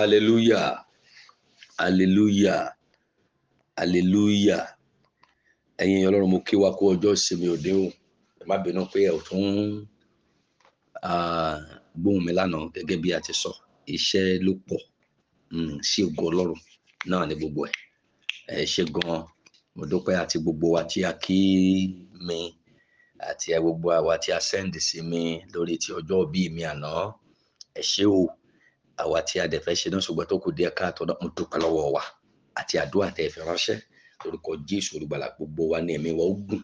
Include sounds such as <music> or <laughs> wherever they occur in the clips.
hallelujah hallelujah hallelujah ẹ̀yin ọlọ́run mo kí wa kú ọjọ́ ìsinmi òde o ẹ má bínú pé ẹ ò tún gbóhùn mi lánàá gẹ́gẹ́ bí a ti sọ iṣẹ́ ló pọ̀ sí hmm, ògo ọlọ́run náà ní gbogbo ẹ̀ ẹ ṣe gan-an mo dúpẹ́ àti gbogbo wa tí a kí mi àti gbogbo àwa tí a sẹ́ǹdì sí mi lórí ti ọjọ́ bíi mi àná ẹ ṣé o àwa tí a dẹ̀ fẹ́ ṣe náà ṣùgbọ́n tó kù díẹ̀ káàtó náà mo dúpẹ́ lọ́wọ́ wa àti àdúrà tẹ́ ẹ fi ránṣẹ́ lórúkọ Jésù olùgbàlà gbogbo wa ní ẹ̀mí wa ó gùn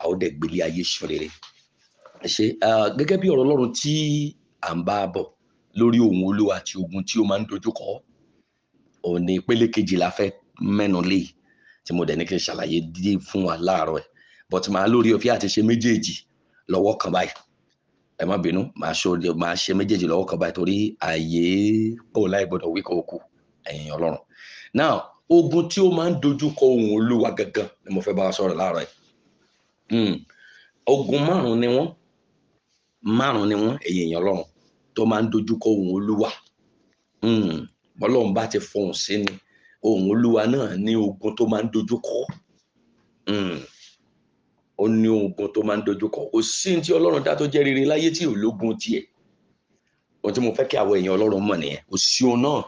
a ó dẹ̀ gbélé ayé sùn rere ṣe gẹ́gẹ́ bí ọ̀rọ̀ Ọlọ́run tí à ń bá a bọ̀ lórí ohun Olúwa àti ogun tí ó máa ń dojúkọ òun ni ìpele kejì la fẹ́ mẹ́nu lé tí mo dẹ̀ ní kí n ṣàlàyé díẹ̀ fún wa láàárọ̀ ẹ̀ but màá lórí ọ̀fẹ́ àti ṣe méjèèjì lọ́wọ́ kan báyìí ẹ má bínú màá ṣe màá ṣe méjèèjì lọ́wọ́ kan báyìí torí ààyè kò láì gbọdọ̀ wí kò kù ẹ̀yìn ọlọ́run now ogun tí ó máa ń dojú kọ ohun olúwa gangan ni mo fẹ́ bá wa sọ̀rọ̀ láàárọ̀ yìí hmm, ogun márùn-ún ni wọ́n márùn-ún ni wọ́n ẹ̀yìn èèyàn ọlọ́run tó máa ń dojú kọ ohun olúwa hmm, bọ́lọ́run bá ti fohùn sí ni ohun olúwa náà ní ogun tó máa ń dojú kọ. Hmm, ó ní ogun tó máa ń dojúkọ kò sí ní tí ọlọ́run dá tó jẹ́ rere láyé tí ológun tiẹ̀ ohun tí mo fẹ́ kí àwọn èèyàn ọlọ́run mọ̀ nìyẹn kò sí òun náà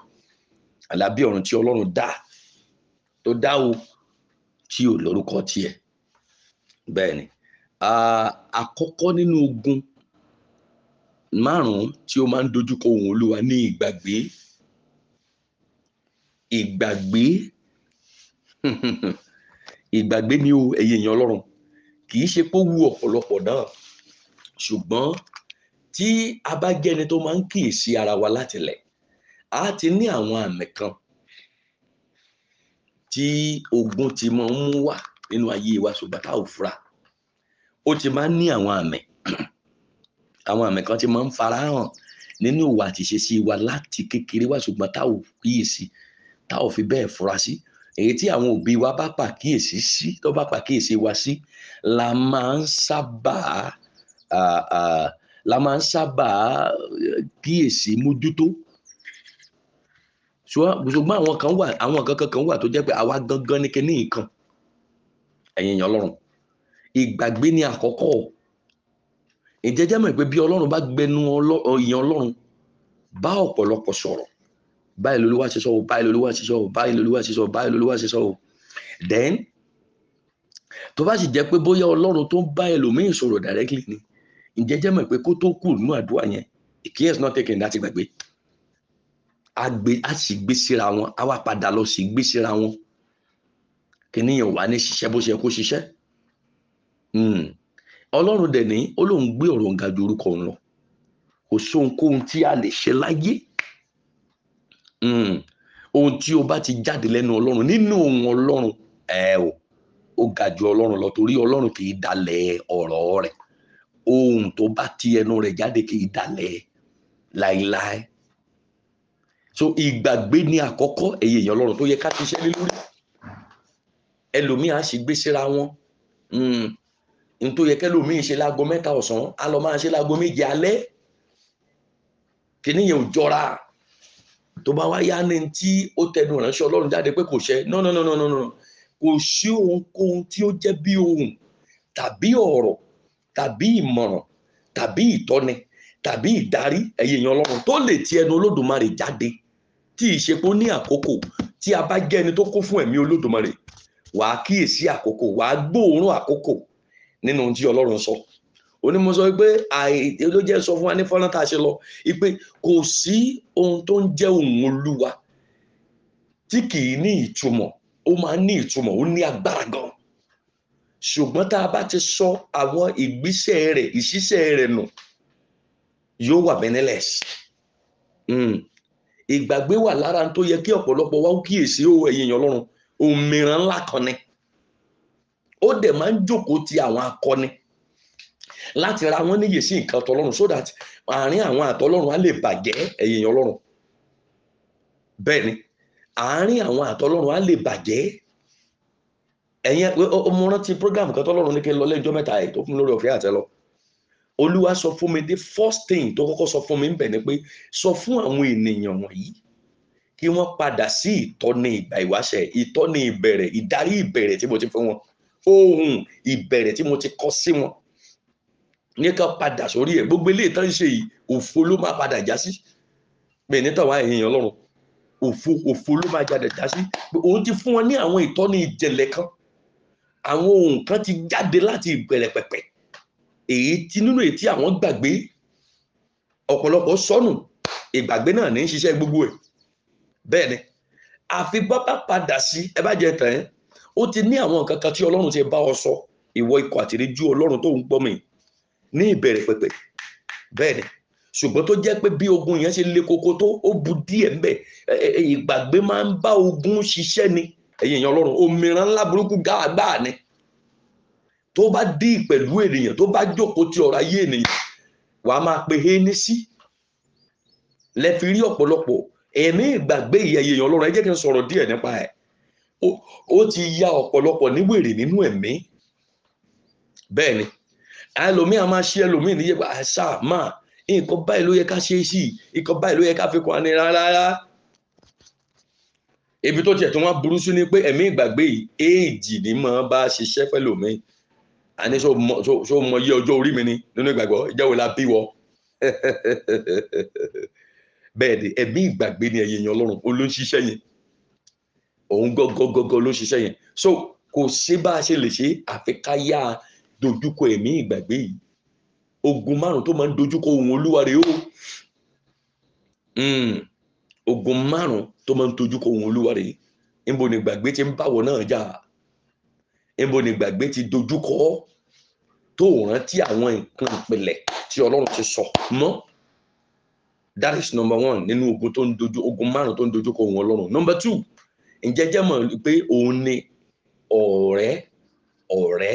àlábí ọ̀run tí ọlọ́run dá tó dá o tí ò lórúkọ tiẹ̀ bẹ́ẹ̀ ni àkọ́kọ́ nínú ogun márùn-ún tí ó máa ń dojúkọ ohun olúwa ní ìgbàgbé ìgbàgbé <laughs> ìgbàgbé ni o ẹ̀yin èèyàn ọlọ́run kì í ṣe pé wu ọ̀pọ̀lọpọ̀ náà ṣùgbọ́n tí a bá jẹ́ni tó máa ń kíyèsí ara wa látilẹ̀ a ti ní àwọn àmì kan tí ogun ti máa ń mú wá nínú ayé wa ṣùgbọ́n tá ò fura ó ti máa ń ní àwọn àmì <clears throat> àwọn àmì kan ti máa ń farahàn nínú ìwà àti ìṣesí wa láti kékeré wá ṣùgbọ́n tá ò kíyèsí tá ò fi bẹ́ẹ̀ fura sí. Si èyí tí àwọn òbí wa bá pàkíyèsí sí tó bá pàkíyèsí wa sí la máa ń sábà la máa ń sábà eh, kíyèsí mójútó ṣùgbọ́n àwọn kan wà àwọn kankan kan wà tó jẹ́ pé àwa gangan ní nǹkan ẹ̀yin èèyàn ọlọ́run ìgbàgbé ni àkọ́kọ́ ìjẹ́jẹ́ mọ̀ pé bí ọlọ́run bá gbẹnu èèyàn ọlọ́run bá ọ̀pọ̀lọpọ̀ sọ̀rọ̀ báyìí lolúwa ṣe sọ o báyìí lolúwa ṣe sọ o báyìí lolúwa ṣe sọ o báyìí lolúwa ṣe sọ o then tó bá sì jẹ́ pé bóyá ọlọ́run tó ń bá ẹlòmíín sọ̀rọ̀ directly ni ǹjẹ́ jẹ́ mọ̀ pé kó tó kù nínú àdúrà yẹn ìkí ẹ̀ not taken láti gbàgbé a sì gbé síra wọn a wá padà lọ sí gbé síra wọn kíní yẹn wà ní ṣiṣẹ́ bó ṣe kó ṣiṣẹ́ hmm. ọlọ́run dẹ̀ ní ó lóun gbé ọ̀rọ̀ ǹga ju orúkọ òun lọ kò sóhunkóhun tí a lè ṣe láyé Hmm. ohun tí o bá ti jáde lẹ́nu ọlọ́run nínú ohun ọlọ́run ẹ o ó ga ju ọlọ́run lọ torí ọlọ́run kì í dalẹ̀ ọ̀rọ̀ rẹ̀ ohun tó bá ti ẹnu rẹ̀ jáde kì í dalẹ̀ láéláé so ìgbàgbé ni àkọ́kọ́ ẹ̀yẹ èèyàn ọlọ́run tó yẹ ká ti ṣẹ́lẹ̀ lórí ẹlòmíì á sì gbé síra wọn hmm. n tó yẹ kẹlòmíì ṣe láago mẹ́ta ọ̀sán á lọ máa ṣe láago méje alẹ́ kìnìyàn ò jọra tó bá wá yá ní tí ó tẹnu ránṣẹ́ ọlọ́run jáde pé kò ṣẹ no no no no no no kò sí ohunkóhun tí ó jẹ́ bí ohun tàbí ọ̀rọ̀ tàbí ìmọ̀ràn tàbí ìtọ́ni tàbí ìdarí ẹ̀yìn èèyàn ọlọ́run tó lè ti ẹnu olódùmarè jáde tí ìṣepó ní àkókò tí a bá jẹ́ ẹni tó kún fún ẹ̀mí olódùmarè wàá kíyèsí àkókò wàá gbóòórùn àkókò nínú ohun tí ọlọ́run sọ. So òní mo pé àìtẹ́ ló jẹ́ sọ fún wa ní fọ́nà tá a ṣe lọ pé kò sí ohun tó ń jẹ́ òun olúwa tí kì í ní ìtumọ̀ ó máa ní ìtumọ̀ ó ní agbára gan ṣùgbọ́n tá a bá ti sọ àwọn ìgbésẹ̀ rẹ̀ ìṣiṣẹ́ rẹ̀ nù yóò wà beneless hmm. ìgbàgbé wà lára tó yẹ kí ọ̀pọ̀lọpọ̀ wá kíyèsí ó ẹ̀yìn èèyàn ọlọ́run òmìnira ńlá kan ni ó dẹ̀ máa ń jókòó ti àwọn akọni láti ra wọ́n níyè sí nǹkan tọlọ́run so that àárín àwọn àtọlọ́run á lè bàjẹ́ ẹ̀yìn ọlọ́run bẹ́ẹ̀ ni àárín àwọn àtọlọ́run á lè bàjẹ́ ẹ̀yìn mo rántí program kan tọlọ́run ní kí n lọ lẹ́jọ́ mẹ́ta ẹ̀ tó fún lórí ọ̀fẹ́ àtẹ lọ olúwa sọ fún mi the first thing tó kọ́kọ́ sọ fún mi ń bẹ̀ ni pé sọ fún àwọn ènìyàn wọ̀nyí kí wọ́n padà sí ìtọ́ni ìgbà ìwáṣẹ̀ ìtọ́ni ìbẹ̀rẹ̀ ìdarí ìbẹ̀rẹ̀ tí mo ti fún wọn ohun ìbẹ̀rẹ̀ tí mo ti kọ́ sí wọn ní kan padà sórí ẹ̀ gbogbo eléyìí tán ń ṣe yìí òfo ló máa padà já sí bẹ́ẹ̀ ní tàwọn èèyàn ọlọ́run òfo òfo ló máa jáde já sí òun ti fún wọn ní àwọn ìtọ́ni ìjẹ̀lẹ̀ kan àwọn ohun kan ti jáde láti ìbẹ̀rẹ̀ pẹ̀pẹ̀ èyí tí nínú èyí tí àwọn gbàgbé ọ̀pọ̀lọpọ̀ sọnù ìgbàgbé náà ní í ṣiṣẹ́ gbogbo ẹ̀ bẹ́ẹ̀ ni àfi bábá padà sí ẹ bá jẹ tẹ̀ ẹ́ ó ti ní àwọn nǹkan kan tí ọlọ́run ti bá ọ sọ ìwọ ikọ̀ àtìrẹ́jú ọlọ́run tó ń gbọ́ mi yìí ní ìbẹ̀rẹ̀ pẹ̀pẹ̀ bẹ́ẹ̀ ni ṣùgbọ́n tó jẹ́ pé bí ogun yẹn ṣe le koko tó ó bu díẹ̀ ńbẹ̀ ìgbàgbé máa ń bá ogun ṣiṣẹ́ ni ẹ̀yin èèyàn ọlọ́run òmìrán ńlá burúkú gbàgbà ni tó bá dí pẹ̀lú ènìyàn tó bá jókòó ti ọ̀rọ̀ ayé ènìyàn wàá máa pe héní sí lẹ́fi rí ọ̀pọ̀lọpọ̀ ẹ̀mí ìgbàgbé ìyẹ̀yẹ̀ èèyàn ọlọ́run ẹ jẹ́ kí n sọ̀rọ̀ díẹ̀ nípa ẹ̀ ó ti ya ọ̀pọ̀lọpọ̀ níwèrè nínú ẹ̀mí bẹ́ẹ̀ ni ẹlòmíì a máa ṣe ẹlòmíì níyẹ pé àṣà máa nǹkan báyìí ló yẹ ká ṣe sí nǹkan báyìí ló yẹ ká fi kọ́ ni rárá ibi tó tiẹ̀ tó wọ́n burú sí ni pé ẹ̀mí ìgbàgbé yìí éèjì ni mo bá ṣiṣẹ́ fẹ́lòmíì àní ṣó mọ iye ọjọ́ orí mi ni nínú ìgbàgbọ́ ìjẹ́wò la bí wọ <laughs> bẹ́ẹ̀ ni ẹ̀mí ìgbàgbé ni ẹ̀yìn èèyàn ọlọ́run ó ló ń ṣiṣẹ́ yẹn òun gọ́gọ́gọ́gọ́ ló ń ṣiṣẹ́ yẹn so kò sí bá a ṣe lè ṣe àfi dojúkọ ẹ̀mí ìgbàgbé yìí ogun márùn tó máa ń dojúkọ ohun olúwa rèé o hmm, ogun márùn tó máa ń dojúkọ ohun olúwa rèé níbo ni ìgbàgbé ti ń báwọ náà jà níbo ni ìgbàgbé ti dojúkọ tó rántí àwọn nǹkan ìpìlẹ̀ tí ọlọ́run ti sọ mọ́ that is number one nínú ogun tó ń dojú ogun márùn tó ń dojúkọ ohun ọlọ́run number two ǹjẹ́ jẹ́ mọ̀ pé òun ni ọ̀rẹ́ ọ̀rẹ́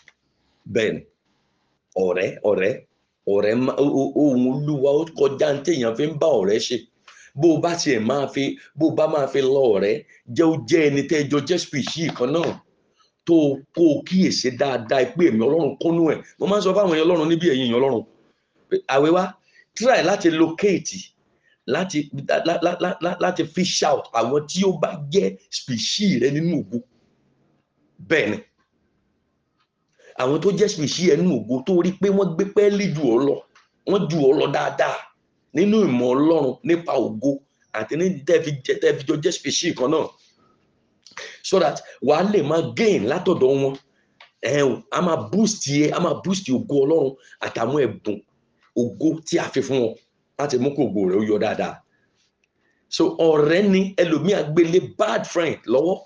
bẹ́ẹ̀ni ọ̀rẹ́ ọ̀rẹ́ ọ̀rẹ́ ohun olúwa ó kọjá ní téèyàn fi ń bá ọ̀rẹ́ ṣe bó o bá tiẹ̀ máa fi bó o bá máa fi lọ ọ̀rẹ́ jẹ́ O, jẹ́ ẹni tẹ́ jọ jẹ́ spìṣì kan náà tó kó o kíyèsí dáadáa pé èmi ọlọ́run kúnú ẹ̀ mo máa ń sọ fáwọn èèyàn ọlọ́run níbi ẹ̀yìn èèyàn ọlọ́run àwẹ̀ wá try láti locate láti láti fish out àwọn tí ó bá jẹ́ spìṣì rẹ nínú òkú bẹ́ẹ̀ ni àwọn tó jẹ́ ṣèṣì ẹnu ògo tó rí pé wọ́n gbé pẹ́ẹ́lí jù ọ lọ wọ́n jù ọ lọ dáadáa nínú ìmọ̀ ọlọ́run nípa ògo àti ní tẹ́fijọ́ jẹ́ ṣèṣì kan náà so that wà á lè máa gain látọ̀dọ̀ wọn ẹ̀hún a máa boost yẹ a máa boost ògo ọlọ́run àtàwọn ẹ̀bùn ògo tí a fi fún wọn láti mú kó ògo rẹ̀ ó yọ dáadáa so ọ̀rẹ́ ni ẹlòmíì agbélé bad friend lọ́wọ́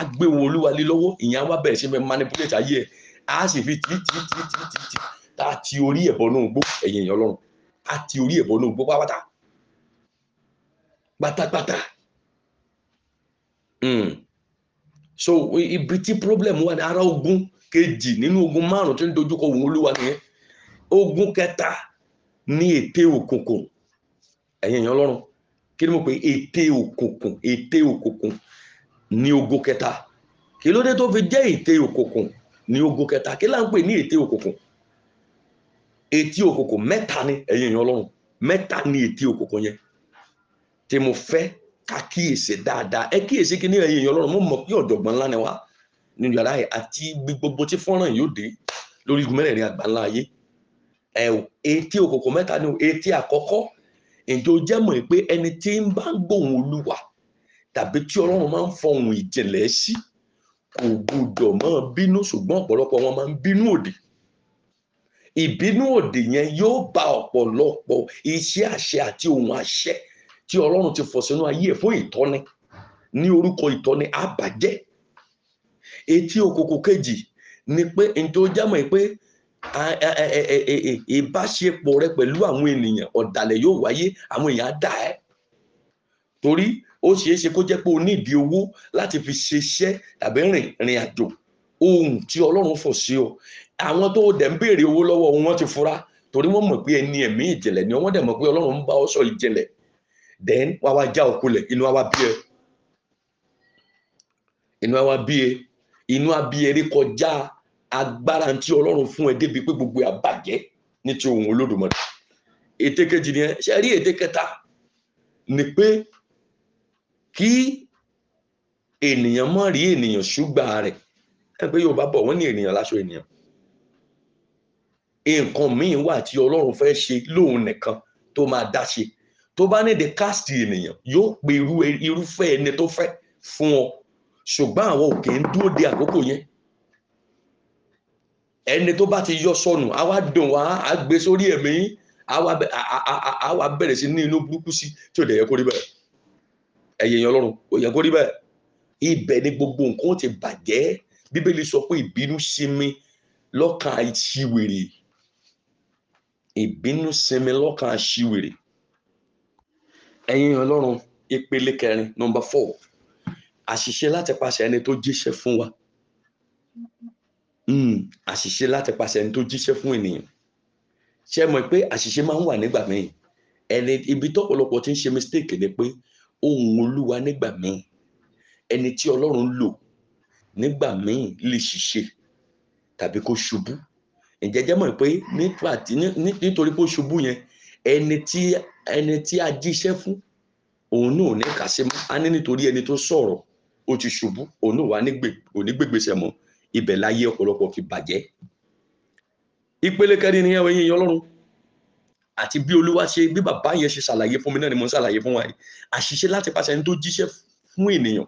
agbéwò olúwa lé lọ́wọ́ ìyẹn wá bẹ̀rẹ̀ sí fẹ́ manipulate ayé ẹ̀ a sì fi tìrì tìrì tìrì tìrì tìrì tìrì tá a ti orí ẹ̀bọ náà gbó ẹ̀yìn èèyàn ọlọ́run a ti orí ẹ̀bọ náà gbó pátápátá pátápátá hmm. so ibi tí problem wà ní ara ogun kejì nínú ogun márùn tó ń dojúkọ òun olúwa nìyẹn ogun kẹta ní ète òkùnkùn ẹ̀yìn èèyàn ọlọ́run kí ni mo pè ète òkùnkùn ète òkùnkùn ní ogun kẹta kí ló dé tó fi jẹ́ ète òkùnkùn ní ogun kẹta kí là ń pè ní ète òkùnkùn ète òkùnkùn mẹ́ta ni ẹ̀yin èèyàn ọlọ́run mẹ́ta ni ète òkùnkùn yẹn tí mo fẹ́ ká kíyèsí dáadáa ẹ kíyèsí kí ní ẹ̀yin èèyàn ọlọ́run mo mọ̀ pé ọ̀jọ̀gbọ́n ńlá ni wá nínú yàrá yìí àti gbogbo tí fọ́nrán yóò dé lórí igun mẹ́rẹ̀ẹ̀rin àgbà ńlá ayé ẹ o òkùnkùn mẹ́ta ni o etí àkọ́kọ́ ǹjẹ́ o jẹ́ mọ̀ pé ẹni tí ń bá ń gbóhùn olúwa tàbí tí ọlọ́run máa ń fọhùn ìjìnlẹ̀ sí kò gbúdọ̀ máa bínú ṣùgbọ́n ọ̀pọ̀lọpọ̀ wọn máa ń bínú òdì ìbínú òdì yẹn yóò ba ọ̀pọ̀lọpọ̀ iṣẹ́ àṣẹ àti ohun àṣẹ tí ọlọ́run ti fọ̀ sínú ayé ẹ̀ fún ìtọ́ni ní orúkọ ìtọ́ni àbàjẹ́ etí òkòkò kejì ni pé n tó jámọ̀ pé ìbáṣepọ̀ rẹ pẹ̀lú àwọn ènìyàn ọ̀dàlẹ̀ yóò wáyé àwọn èèyàn á dà ẹ́ torí ó ṣeé ṣe kó jẹ́ pé o ní ìdí owó láti fi ṣiṣẹ́ tàbí rìn rìn àjò ohun tí ọlọ́run fọ̀ sí ọ àwọn tó dẹ̀ ń béèrè owó lọ́wọ́ wọn ti fura torí wọ́n mọ̀ pé ẹni ẹ̀mí ìjìnlẹ̀ ni wọ́n dẹ̀ mọ̀ pé ọlọ́run ń bá ọ sọ ìjìnlẹ̀ then wá wá já òkú lẹ̀ inú wa bí ẹ inú wa bí ẹ inú wa bí ẹ rí kọjá agbára tí ọlọ́run fún ẹ débi pé gbogbo àbàjẹ́ ní ti ohun olódùmarè ète kejì nìyẹn ṣe rí ète kẹta ni pé kí ènìyàn mọ̀ rí ènìyàn ṣúgbà rẹ̀ ẹ pé Yorùbá bọ̀ wọ́n ní ènìyàn láṣọ ènìyàn nǹkan míì wà tí Ọlọ́run fẹ́ ṣe lóun nìkan tó máa dá ṣe tó bá ní the cast ènìyàn yóò pe irúfẹ́ ẹni tó fẹ́ fún ọ ṣùgbọ́n àwọn òkè ń dúró de àkókò yẹn ẹni tó bá ti yọ sọnù àwa dùn wá á sórí ẹ̀mí àwa bẹ̀rẹ̀ sí ní inú burúkú sí tí ò dẹ̀ yẹ kó rí ẹ̀yẹ̀ yẹn ọlọ́run kò yẹ kó rí bẹ́ẹ̀ ibẹ̀ ni gbogbo nǹkan ti bàjẹ́ bíbélì sọ pé ìbínú sinmi lọ́kàn àìsíwèrè ìbínú sinmi lọ́kàn àìsíwèrè ẹ̀yẹ̀ ọlọ́run ìpele kẹrin nọmba four àṣìṣe láti pàṣẹ ẹni tó jíṣẹ́ fún wa hmm, àṣìṣe láti pàṣẹ ẹni tó jíṣẹ́ fún ènìyàn ṣe mọ̀ pé àṣìṣe máa ń wà nígbà míì ẹni ibi tọ́pọ̀lọpọ̀ ti ń ṣe mistake ni pé ohun olúwa nígbà míì ẹni tí ọlọ́run lò nígbà míì lè ṣiṣẹ́ tàbí kó ṣubú ǹjẹ́ jẹ́ mọ̀ pé nítorí pé ó ṣubú yẹn ẹni tí ẹni tí a jíṣẹ́ fún òun náà ní kàṣe mọ́ a ní nítorí ẹni tó sọ̀rọ̀ ó ti ṣubú òun náà wà onígbègbèsè mọ́ ibẹ̀ láyé ọ̀pọ̀lọpọ̀ fi bàjẹ́ ìpele kẹrin nìyẹn ẹ̀yin ọlọ́run àti bí olúwa ṣe bí bàbá yẹn ṣe ṣàlàyé fún mi náà ni mo ń ṣàlàyé fún wa yìí àṣìṣe láti pàṣẹ ẹni tó jíṣẹ́ fún ènìyàn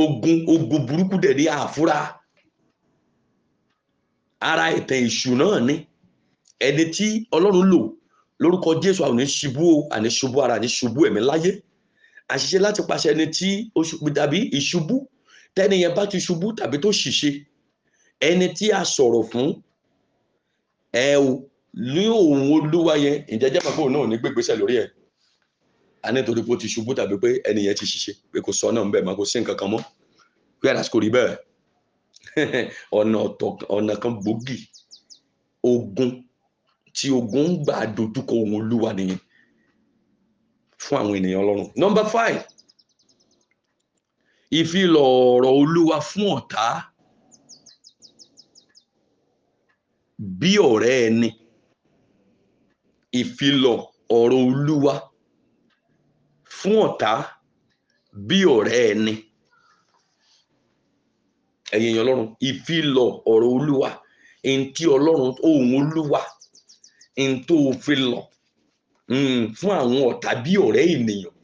ogun ogun burúkú dẹ̀ ní àfúrá ara ìtàn ìṣù náà ni ẹni tí ọlọ́run lò lórúkọ jésù àwọn ìṣubú àní ṣubú ara àní ṣubú ẹ̀mí láyé àṣìṣe láti pàṣẹ ẹni tí tàbí ìṣubú tẹ́ni yẹn bá ti ṣubú tàbí tó ṣìṣe ẹni tí a sọ̀rọ̀ fún ẹ o lé òun olúwa yẹn ǹjẹ́ jẹ́ màgbọ́n náà ní gbégbésẹ̀ lórí ẹ̀ a ní torí pé ó ti ṣubú tàbí pé ẹnìyẹn ti ṣiṣẹ́ pé kò sọ náà ń bẹ̀ máa kó sí nǹkan kan mọ́ pé àdásíkò rí bẹ́ẹ̀ <laughs> ọ̀nà ọ̀tọ̀ ọ̀nà kan gbòógì ogun tí ogun ń gbà dojúkọ ohun olúwa nìyẹn fún àwọn ènìyàn ọlọ́run number five ìfilọ̀ ọ̀rọ̀ olúwa fún ọ̀tá bí ọ̀rẹ́ ẹni ìfilọ̀ ọ̀rọ̀ olúwa fún ọ̀tá bí ọ̀rẹ́ ẹni ẹ̀yin èèyàn ọlọ́run ìfilọ̀ ọ̀rọ̀ olúwa ẹni tí ọlọ́run ohun olúwa ẹni tó fi lọ hmm, fún àwọn ọ̀tá bí ọ̀rẹ́ ènìyàn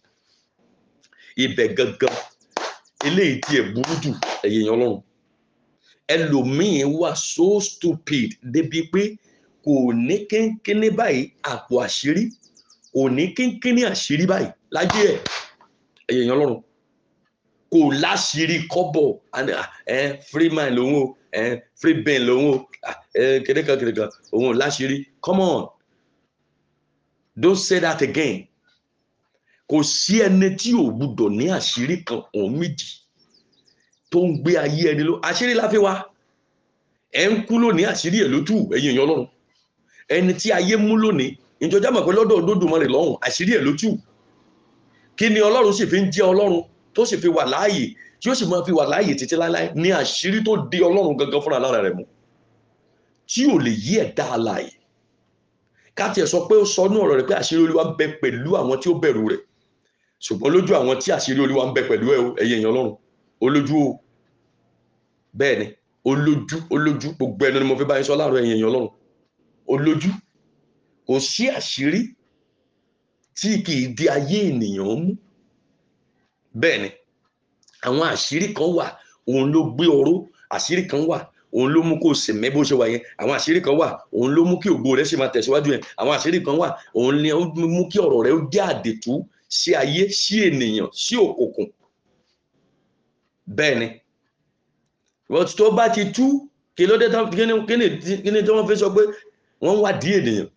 ibẹ̀ gangan eléyìí tí ẹ̀ burú jù ẹ̀yin èèyàn ọlọ́run ẹlòmíín wà so stupid débi pé kò ní kínkínní báyìí àpò àṣírí kò ní kínkínní àṣírí báyìí lájẹ ẹ èèyàn Ọlọ́run kò láṣìírí kọ́bọ̀ ẹ free man lòun o free ben lòun o ẹ kìnìkan kìnìkan òun láṣìírí come on don't say that again kò sí ẹni tí ò gbúdọ̀ ní àṣírí kan òun méjì tó ń gbé ayé ẹni lọ àṣírí la fi wá ẹ ń kú lónìí àṣírí ẹ ló tú ẹ̀yin ẹni tí ayé mú lónìí ìjọjá mọ̀ pé lọ́dọ̀ Olódùmarè lọ́hùn àṣírí ẹ̀ lójú kí ni ọlọ́run sì fi ń jẹ́ ọlọ́run tó sì fi wà láàyè tí ó sì máa fi wà láàyè títí láéláé ní àṣírí tó di ọlọ́run gangan fúnra lára rẹ̀ mu tí ò lè yí ẹ̀dá alààyè káti ẹ̀ sọ pé ó sọ ní ọ̀rọ̀ rẹ̀ pé àṣírí olúwa ń bẹ pẹ̀lú àwọn tí ó bẹ̀rù rẹ̀ ṣùgbọ́n lójú àwọn tí àṣírí olúwa ń bẹ pẹ̀lú ẹ̀ ẹ̀yẹ èèyàn ọlọ́run olójú o bẹ́ẹ̀ ni olójú olójú gbogbo ẹnu ni mo fi bá yín sọ láàárọ̀ ẹ̀yẹ èèyàn ọlọ́run olójú kò sí àṣírí tí kì í di ayé ènìyàn mú bẹ́ẹ̀ ni àwọn àṣírí kan wà òun ló gbé ọ̀rọ̀ àṣírí kan wà òun ló mú kó ṣe mẹ́ bó ṣe wà yẹn àwọn àṣírí kan wà òun ló mú kí ògbó rẹ ṣe máa tẹ̀síwájú yẹn àwọn àṣírí kan wà òun ni ó mú kí ọ̀rọ̀ rẹ ó jẹ́ àdètú sí ayé sí ènìyàn sí òkùnkùn bẹ́ẹ̀ ni tó bá ti tú kí ló dé tán kí ni tí wọ́n fi sọ pé wọ́n ń wádìí ènìyàn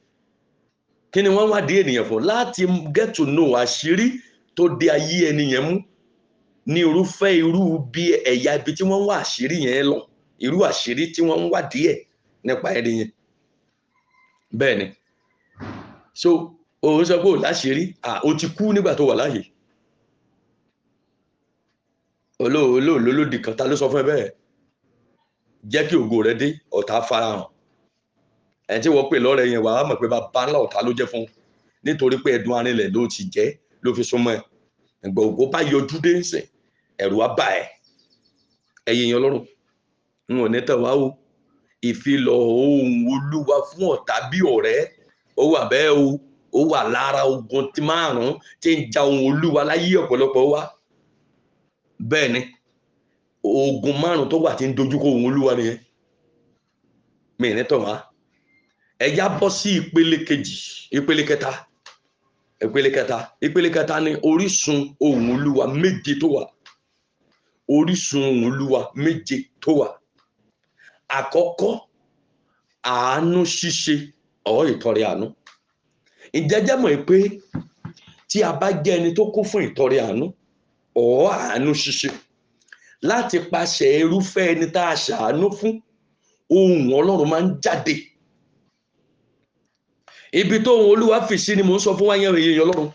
kí ni wọ́n ń wádìí ènìyàn fún láti get to know àṣírí tó de ayé ènìyàn mú ní irúfẹ́ irú bí ẹ̀yà ibi tí wọ́n ń wá àṣírí yẹn lọ irú àṣírí tí wọ́n ń wádìí ẹ̀ nípa ẹni yẹn bẹ́ẹ̀ ni so òun sọ pé ò láṣìírí à ó ti kú nígbà tó wà láàyè olóòlóòlódì kan ta ló sọ fún ẹ bẹ́ẹ̀ jẹ́ kí ògo rẹ dé ọ̀tá farahàn ẹni tí wọ́n pè lọ́rẹ̀ yẹn wàá mọ̀ pé bàbá ńlá ọ̀tá ló jẹ́ fún nítorí pé ẹ̀dùn arinlẹ̀ ló ti jẹ́ ló fi súnmọ́ ẹ̀ ẹ̀gbọ́n ògbó bá yọjú dé ń ẹ̀rù á bà ẹ̀ ẹ̀yìn yẹn ọlọ́run n ò ní tàn o ìfilọ̀ ohun olúwa fún ọ̀tá bí ọ̀rẹ́ ó wà bẹ́ẹ̀ o ó wà lára ogun tí márùn-ún tí ń ja ohun olúwa láyé ọ̀pọ̀lọpọ̀ wa bẹ́ẹ̀ ni ogun márùn-ún tó wà tí ń dojúkọ ohun olúwa nìyẹn mi ní tàn ẹ̀yà bọ́ sí ìpele kejì ìpele kẹta ìpele kẹta ìpele kẹta ni orísun ohùn olúwa méje tó wà orísun ohùn olúwa méje tó wà àkọ́kọ́ àánú ṣíṣe ọ̀ ìtọrẹ àánú ìjẹ́jẹ́ mọ̀ pé tí a bá jẹ́ ẹni tó kún fún ìtọrẹ àánú ọ̀ àánú ṣíṣe láti paṣẹ irúfẹ́ ẹni tá a ṣàánú fún ohùn ọlọ́run máa ń jáde ibi tó ohun olúwa fi sí ni mò ń sọ fún wa yẹn èèyàn ọlọ́run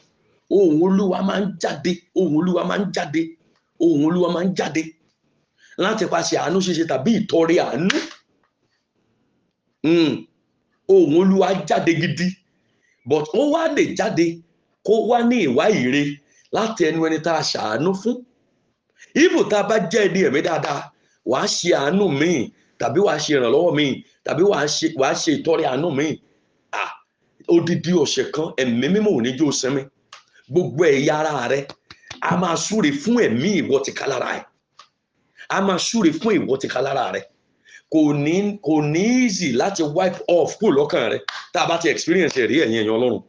ohun olúwa máa ń jáde ohun olúwa máa ń jáde ohun olúwa máa ń jáde láti paṣẹ àánú ṣíṣe tàbí ìtọrẹ àánú hmm. ohun olúwa jáde gidi but ó wá lè jáde kó wá ní ìwá ìre láti ẹnu ẹni tá a ṣàánú fún ibù tá a bá jẹ́ ẹni ẹ̀mí dáadáa wàá ṣe àánú míì tàbí wàá ṣe ìrànlọ́wọ́ míì tàbí wàá ṣe ìtọrẹ àánú míì odidi ọ̀sẹ̀ kan ẹ̀mí mímọ́ ò ní jó sinmi gbogbo ẹ̀yà ara rẹ a máa súre fún ẹ̀mí ìwọ ti ká lára ẹ̀ a máa súre fún ìwọ ti ká lára rẹ kò ní kò ní easy láti wipe off kúrò lọ́kàn rẹ tá a bá ti experience rí ẹ̀yin ẹ̀yàn ọlọ́run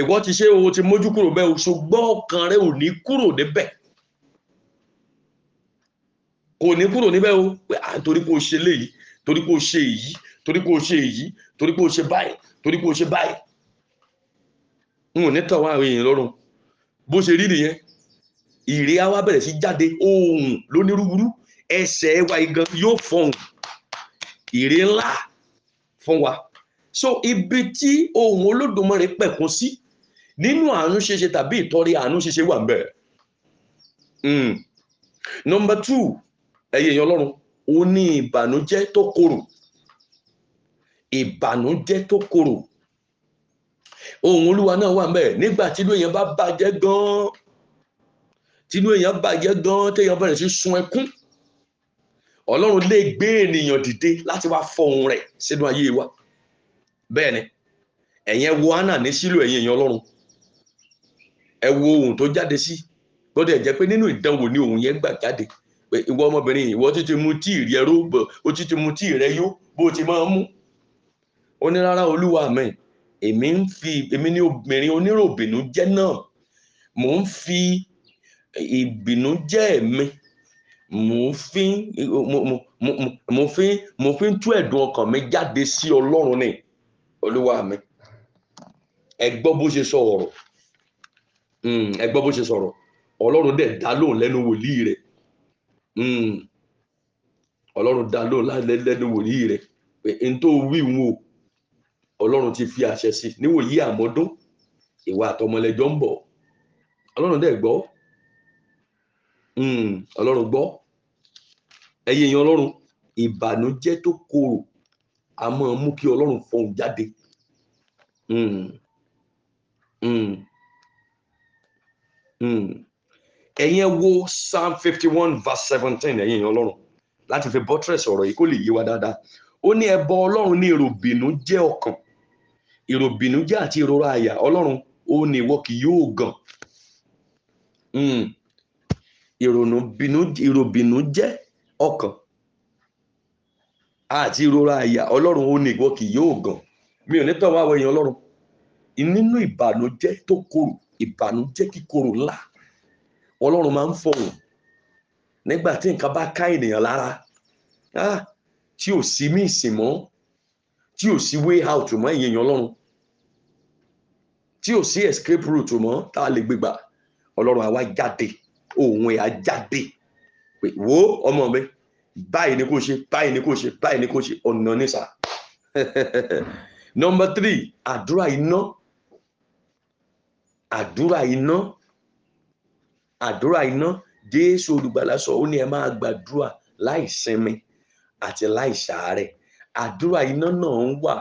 ìwọ ti ṣe o ti mójú kúrò bẹ́ẹ̀ o ṣùgbọ́n ọkàn rẹ ò ní kúrò níbẹ̀ kò ní kúrò níbẹ̀ o pé à ń torí pé o ṣe léyìí torí pé o ṣe èyí torí pé o ṣe èyí torí pé o ṣe báyìí torí pé o ṣe báyìí n ò ní tàn wá àwọn èèyàn lọ́rùn bó ṣe rí nìyẹn ìrè á bẹ̀rẹ̀ sí jáde ohun lónírúurú ẹsẹ̀ wa igan yóò fọhùn ìrè ńlá fún wa so ibi tí ohun Olódùmarè pẹ̀kún sí nínú àánú ṣeṣe tàbí ìtọrẹ àánú ṣeṣe wà ń bẹ. Hmm. number two ẹ̀yẹ̀yàn ọlọ́run ó ní ìbànújẹ́ tó korò ìbànújẹ́ tó korò ohun olúwa náà wà mẹ́ẹ̀ nígbà tí ìlú èèyàn bá bàjẹ́ gan-an tí ìlú èèyàn bàjẹ́ gan-an téèyàn bẹ̀rẹ̀ sí sun ẹkún ọlọ́run lè gbé ènìyàn dìde láti wá fọhùn rẹ̀ sínú ayé wa bẹ́ẹ̀ ni ẹ̀yẹn wo hánà ní sílò ẹ̀yìn èèyàn ọlọ́run ẹ wo ohun tó jáde sí gbọ́dọ̀ ẹ̀ jẹ́ pé nínú ìdánwò ni ohun yẹn gbà jáde ìwọ ọmọbìnrin ìwọ títí mu tíì rẹ ró bó o títí mu tíì rẹ yó bó o ti máa mú ó ní rárá olúwa mi èmi ń fi èmi ní obìnrin oníròbìnú jẹ́ náà mò ń fi ìbínú jẹ́ mi mò ń fi mò ń fi mò ń fi tú ẹ̀dùn ọkàn mi jáde sí ọlọ́run ni olúwa mi ẹ gbọ́ bó ṣe sọ ọ̀rọ̀ hmm, ẹ gbọ́ bó ṣe sọ̀rọ̀ ọlọ́run dẹ̀ dá lóhùn lẹ́nu wòlíì rẹ̀ hmm, ọlọ́run dá lóhùn lẹ́nu wòlíì rẹ̀ n tó wí n wò ọlọ́run ti fi àṣẹ sí níwò yí àmọ́dún ìwà àtọmọlẹ́jọ́ ń bọ̀ ọlọ́run dẹ̀ gbọ́ hmm, ọlọ́run gbọ́ ẹ̀yin èèyàn ọlọ́run ìbànújẹ́ tó korò a máa mú kí ọlọ́run fọhùn jáde hmm, hmm, ẹ̀yin wo psalm fifty one verse seventeen ẹ̀yin èèyàn ọlọ́run láti fi buttress ọ̀rọ̀ yìí kó lè yé wa dáadáa ó ní ẹbọ ọlọ́run ní èrò bínú jẹ́ ọkàn ìròbìnújẹ́ àti ìrora àyà ọlọ́run ó ní ìwọ kì yóò gàn hmm. ìròbìnújẹ́ ọkàn àti ìrora àyà ọlọ́run ó ní ìwọ kì yóò mi ò ní tọ́ wá ọlọ́run nínú ìbànújẹ́ tó ìbànújẹ́ kíkorò ńlá ọlọ́run máa ń fọ̀hún nígbà tí nǹkan bá ká ènìyàn lára ah, tí ò sí mí ìsìn mọ́ tí ò sí way out mọ́ ẹ̀yin èèyàn ọlọ́run tí ò sí escape route mọ́ tá a lè gbégbà ọlọ́run àwa jáde òun ẹ̀ á pé wo ọmọ mi báyìí ni kò ṣe báyìí ni kò ṣe báyìí ni kò ṣe ọ̀nà ní sà <laughs> number three àdúrà iná àdúrà iná àdúrà iná jésù olùgbàlà sọ ó ní ẹ máa gbàdúrà láì sinmi àti láì ṣàárẹ̀ àdúrà iná náà ń wà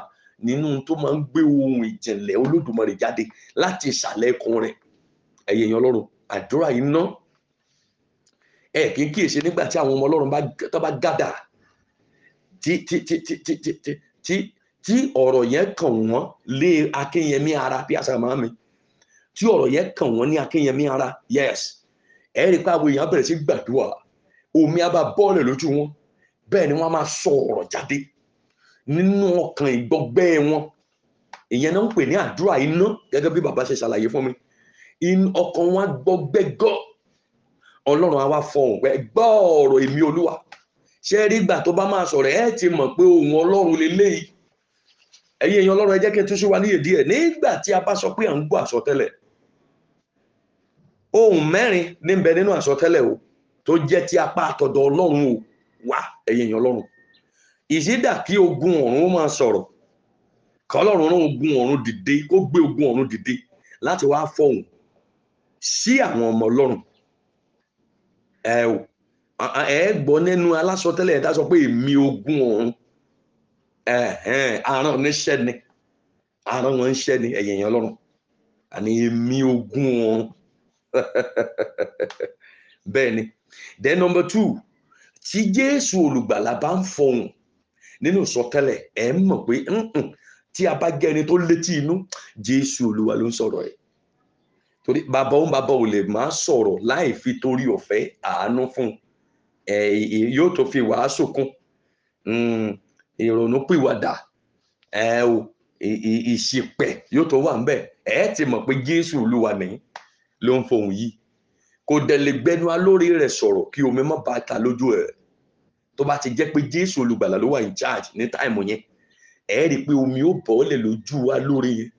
nínú tó máa ń gbé ohun ìjìnlẹ̀ olódùmarè jáde láti ìsàlẹ̀ ẹkùn rẹ̀ ẹ̀yẹ̀ èèyàn ọlọ́run àdúrà iná ẹ̀ kí n kíyèsí nígbà tí àwọn ọmọ ọlọ́run tó bá gàdà tí tí tí tí tí tí tí tí tí ọ̀rọ̀ yẹn kàn wọ́n lé akínyẹmí ara bí àṣà máa mi tí ọ̀rọ̀ yẹn kàn wọ́n ní akínyẹmí ara yes ẹ̀ rí i pé àwọn èèyàn bẹ̀rẹ̀ sí gbàdúrà omi á bọ́ọ̀lù lójú wọn bẹ́ẹ̀ ni wọ́n máa sọ ọ̀rọ̀ jáde nínú ọkàn ìgbọgbẹ́ wọn ìyẹn náà ń pè ní àdúrà iná gẹ́gẹ́ bí bàbá ṣe ṣàlàyé fún mi ọkàn wọn gbọgbẹ́ gọ́ ọlọ́run àwa fọhùn pé gbọ́ ọ̀rọ̀ èmi olúwa ṣé rí ìgbà tó bá máa sọ̀rọ̀ ẹ ti mọ̀ pé ohun ọlọ́run leléyìí ẹ̀yin èèyàn ọlọ́run ẹ jẹ́ kí n tún sí wa níyè díẹ̀ nígbà tí a bá sọ pé à ń gbọ́ àsọtẹ́lẹ̀ ohun mẹ́rin ní nínú àsọtẹ́lẹ̀ o tó jẹ́ ti apá àtọ̀dọ̀ ọlọ́run o wá ẹ̀yin èèyàn ọlọ́run ìṣídà kí ogun ọ̀run máa sọ̀rọ̀ kọlọ́run rán ogun ọ̀run dìde kó gbé ogun ọ̀run dìde láti wá fọ̀hùn sí àwọn ọmọ ọlọ́run ẹ ẹ gbọ́ nínú alásọtẹ́lẹ̀ ẹ̀dá sọ pé èmi ogun ọ̀run àrùn níṣẹ́ ni àrùn wọn ń ṣẹ́ ni ẹ̀yìn èèyàn ọlọ́run àní èmi ogun ọ̀run <laughs> bẹ́ẹ̀ ni then number two tí jésù olùgbàlà bá ń fọ̀hùn nínú ìsọtẹ́lẹ̀ ẹ̀ ń mọ̀ pé tí a bá jẹ́ ẹni tó létí inú jésù olúwa ló ń sọ̀rọ̀ ẹ̀ torí bàbá òun bàbá ò lè máa sọ̀rọ̀ láì fi torí ọ̀fẹ́ àánú fún un yóò tó fi wàásù kún hmm, ìrònú pìwàdà ìṣìpẹ̀ yóò tó wà ńbẹ̀ ẹ ti mọ̀ pé jésù olúwa ní ló ń fohùn yìí kò dẹ̀ lè gbẹnu alórí rẹ̀ sọ̀rọ̀ kí omi má bàa ta lójú ẹ̀ tó bá ti jẹ́ pé jésù olùgbàlà ló wà in charge ní táìmù yẹn ẹ rí i pé omi ó bọ́ lè lójú wa lórí yẹn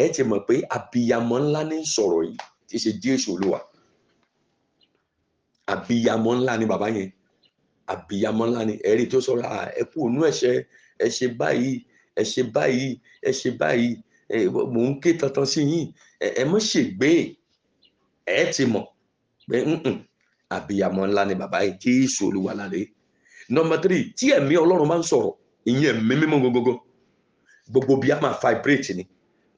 ẹ ti mọ̀ pé abiyamọ ńlá ní sọ̀rọ̀ yìí ti ṣe jésù olúwa abiyamọ ńlá ni bàbá yẹn abiyamọ ńlá ni ẹ rí i tó sọ̀rọ̀ ah, ẹ kú òun ẹ̀ṣẹ̀ ẹ ṣe báyìí ẹ ṣe báyìí ẹ ṣe báyìí mò ń ké tantan sí yín ẹ mọ̀ ṣègbè ẹ ti mọ̀ pé àbíyamọ ńlá ni bàbá yìí jésù olúwa lálẹ́ yìí. Number three tí ẹ̀mí ọlọ́run máa ń sọ̀rọ̀ ìyẹn ẹ̀mí mímọ́ gógógó gbogbo bí a máa vibrate ni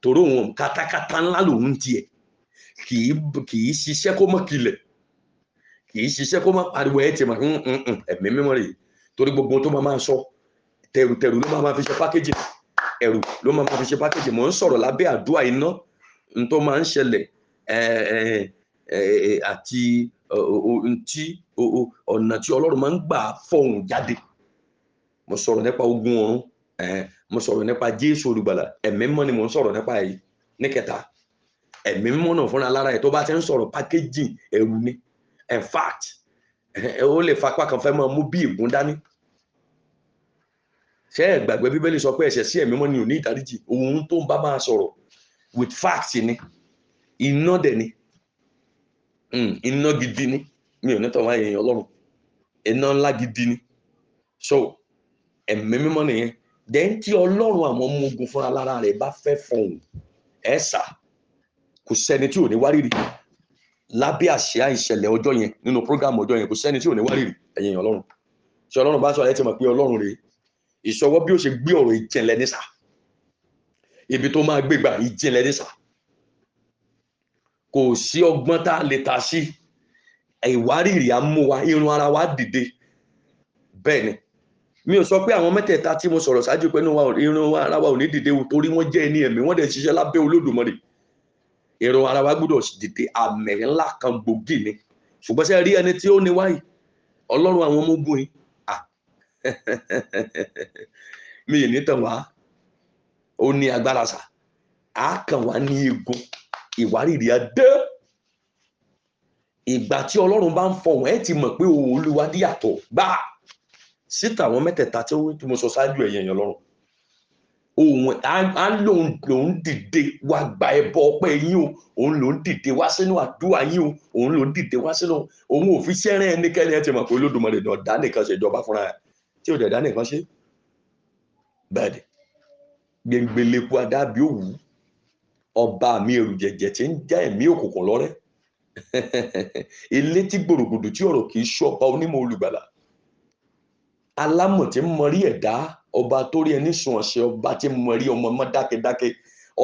torí òun katakata ńlá lòun tiẹ̀ kì í ṣiṣẹ́ kó mọ́ kilẹ̀ kì í ṣiṣẹ́ kó mọ́ pariwo ẹ̀ tì máa ẹ̀mí mímọ́ rèé torí gbogbo tó máa máa sọ tẹrùtẹrù ló máa máa fi ṣe pákéjì ẹrù ló máa máa fi ṣe pákéjì mò ń sọ̀rọ̀ lábẹ́ àdúrà iná n máa ń ṣẹlẹ̀ àti ọ̀nà tí ọlọ́run máa ń gbà fọ̀hún jáde mo sọ̀rọ̀ nípa ogun ọ̀run mo sọ̀rọ̀ nípa jésù olùgbàlà ẹ̀mí mímọ́ ni mo ń sọ̀rọ̀ nípa èyí ní kẹta ẹ̀mí mímọ́ náà fúnra lára ẹ̀ tó bá ti ń sọ̀rọ̀ packaging ẹ̀rù ni in fact ó lè fapá kan fẹ́ máa mú bí ìgún dání ṣé ẹ gbàgbé bíbélì sọ pé ẹ̀ṣẹ̀ sí ẹ̀mí mímọ́ ni ò ní ìdáríjì ohun tó ń bá máa sọ̀rọ̀ with facts ni iná dẹ̀ ni Hmm, iná gidi ni mi ò ní tọ́wọ́ ayẹyẹ ọlọ́run iná ńlá gidi ni so ẹ̀mí mímọ́ nìyẹn then tí ọlọ́run àwọn ọmọ ogun fúnra lára rẹ̀ bá fẹ́ fọhùn ẹ̀ sà kò sẹ́ni tí ò ní wárìrì lábẹ́ àṣà ìṣẹ̀lẹ̀ ọjọ́ yẹn nínú program ọjọ́ yẹn kò sẹ́ni tí ò ní wárìrì ẹ̀yìn ọlọ́run tí ọlọ́run bá sọ ẹ̀ tí mọ̀ pé ọlọ́run rèé ìṣọwọ́ bí ó ṣe gbé ọ̀rọ̀ ìjìnlẹ̀ nísà ibi tó máa gbégbà ìjìnlẹ̀ nísà kò sí ọgbọ́n tá a lè ta sí ìwárìrì á mú wa irun ara wa dìde bẹ́ẹ̀ ni mi ò sọ pé àwọn mẹ́tẹ̀ẹ̀ta tí mo sọ̀rọ̀ ṣáájú pé irun ara wa ò ní dìde o torí wọ́n jẹ́ ẹni ẹ̀mí wọ́n dẹ̀ ṣiṣẹ́ lábẹ́ olódùmarè irun ara wa gbọ́dọ̀ dìde àmì ńlá kan gbòógì ni ṣùgbọ́n ṣe rí ẹni tí ó ní wáyé ọlọ́run àwọn ọmọ ogun yìí <laughs> mi ì ní tàn wá ó ní agbára sà á kàn wá ní egun ìwárìrì á dé ìgbà tí ọlọ́run bá ń fọhùn ẹ ti mọ̀ pé olúwa díyàtọ̀ gbà síta àwọn mẹ́tẹ̀ẹ̀ta tí mo sọ ṣáájú ẹ̀yẹ ẹ̀yàn lọ́rùn òun á lòun lòun dìde wá gba ẹbọ ọpẹ́ yín o òun lòun dìde wá sínú àdúrà yín o òun lòun dìde wá sínú òun ò fi sẹ́rìn ẹnikẹ́ni ẹ ti mọ̀ pé olódùmarè náà dá nìkan ṣe ìjọba fúnra ẹ tí ò dẹ̀ dá nìkan ṣe bẹ́ẹ̀ ni gbẹngbẹlẹ́kú adábí òwú ọba mi ẹrù jẹ̀jẹ̀ tí ń já ẹ̀mí òkùnkùn lọ́rẹ́ <laughs> ilé tí gbòrògbòdò tí ọ̀rọ̀ kì í ṣú ọba onímọ̀ olùgbàlà alámọ̀ tí ń mọrí ẹ̀dá ọba tó rí ẹni sùn ọ̀sẹ̀ ọba tí ń mọrí ọmọ ọmọ dákẹ́dákẹ́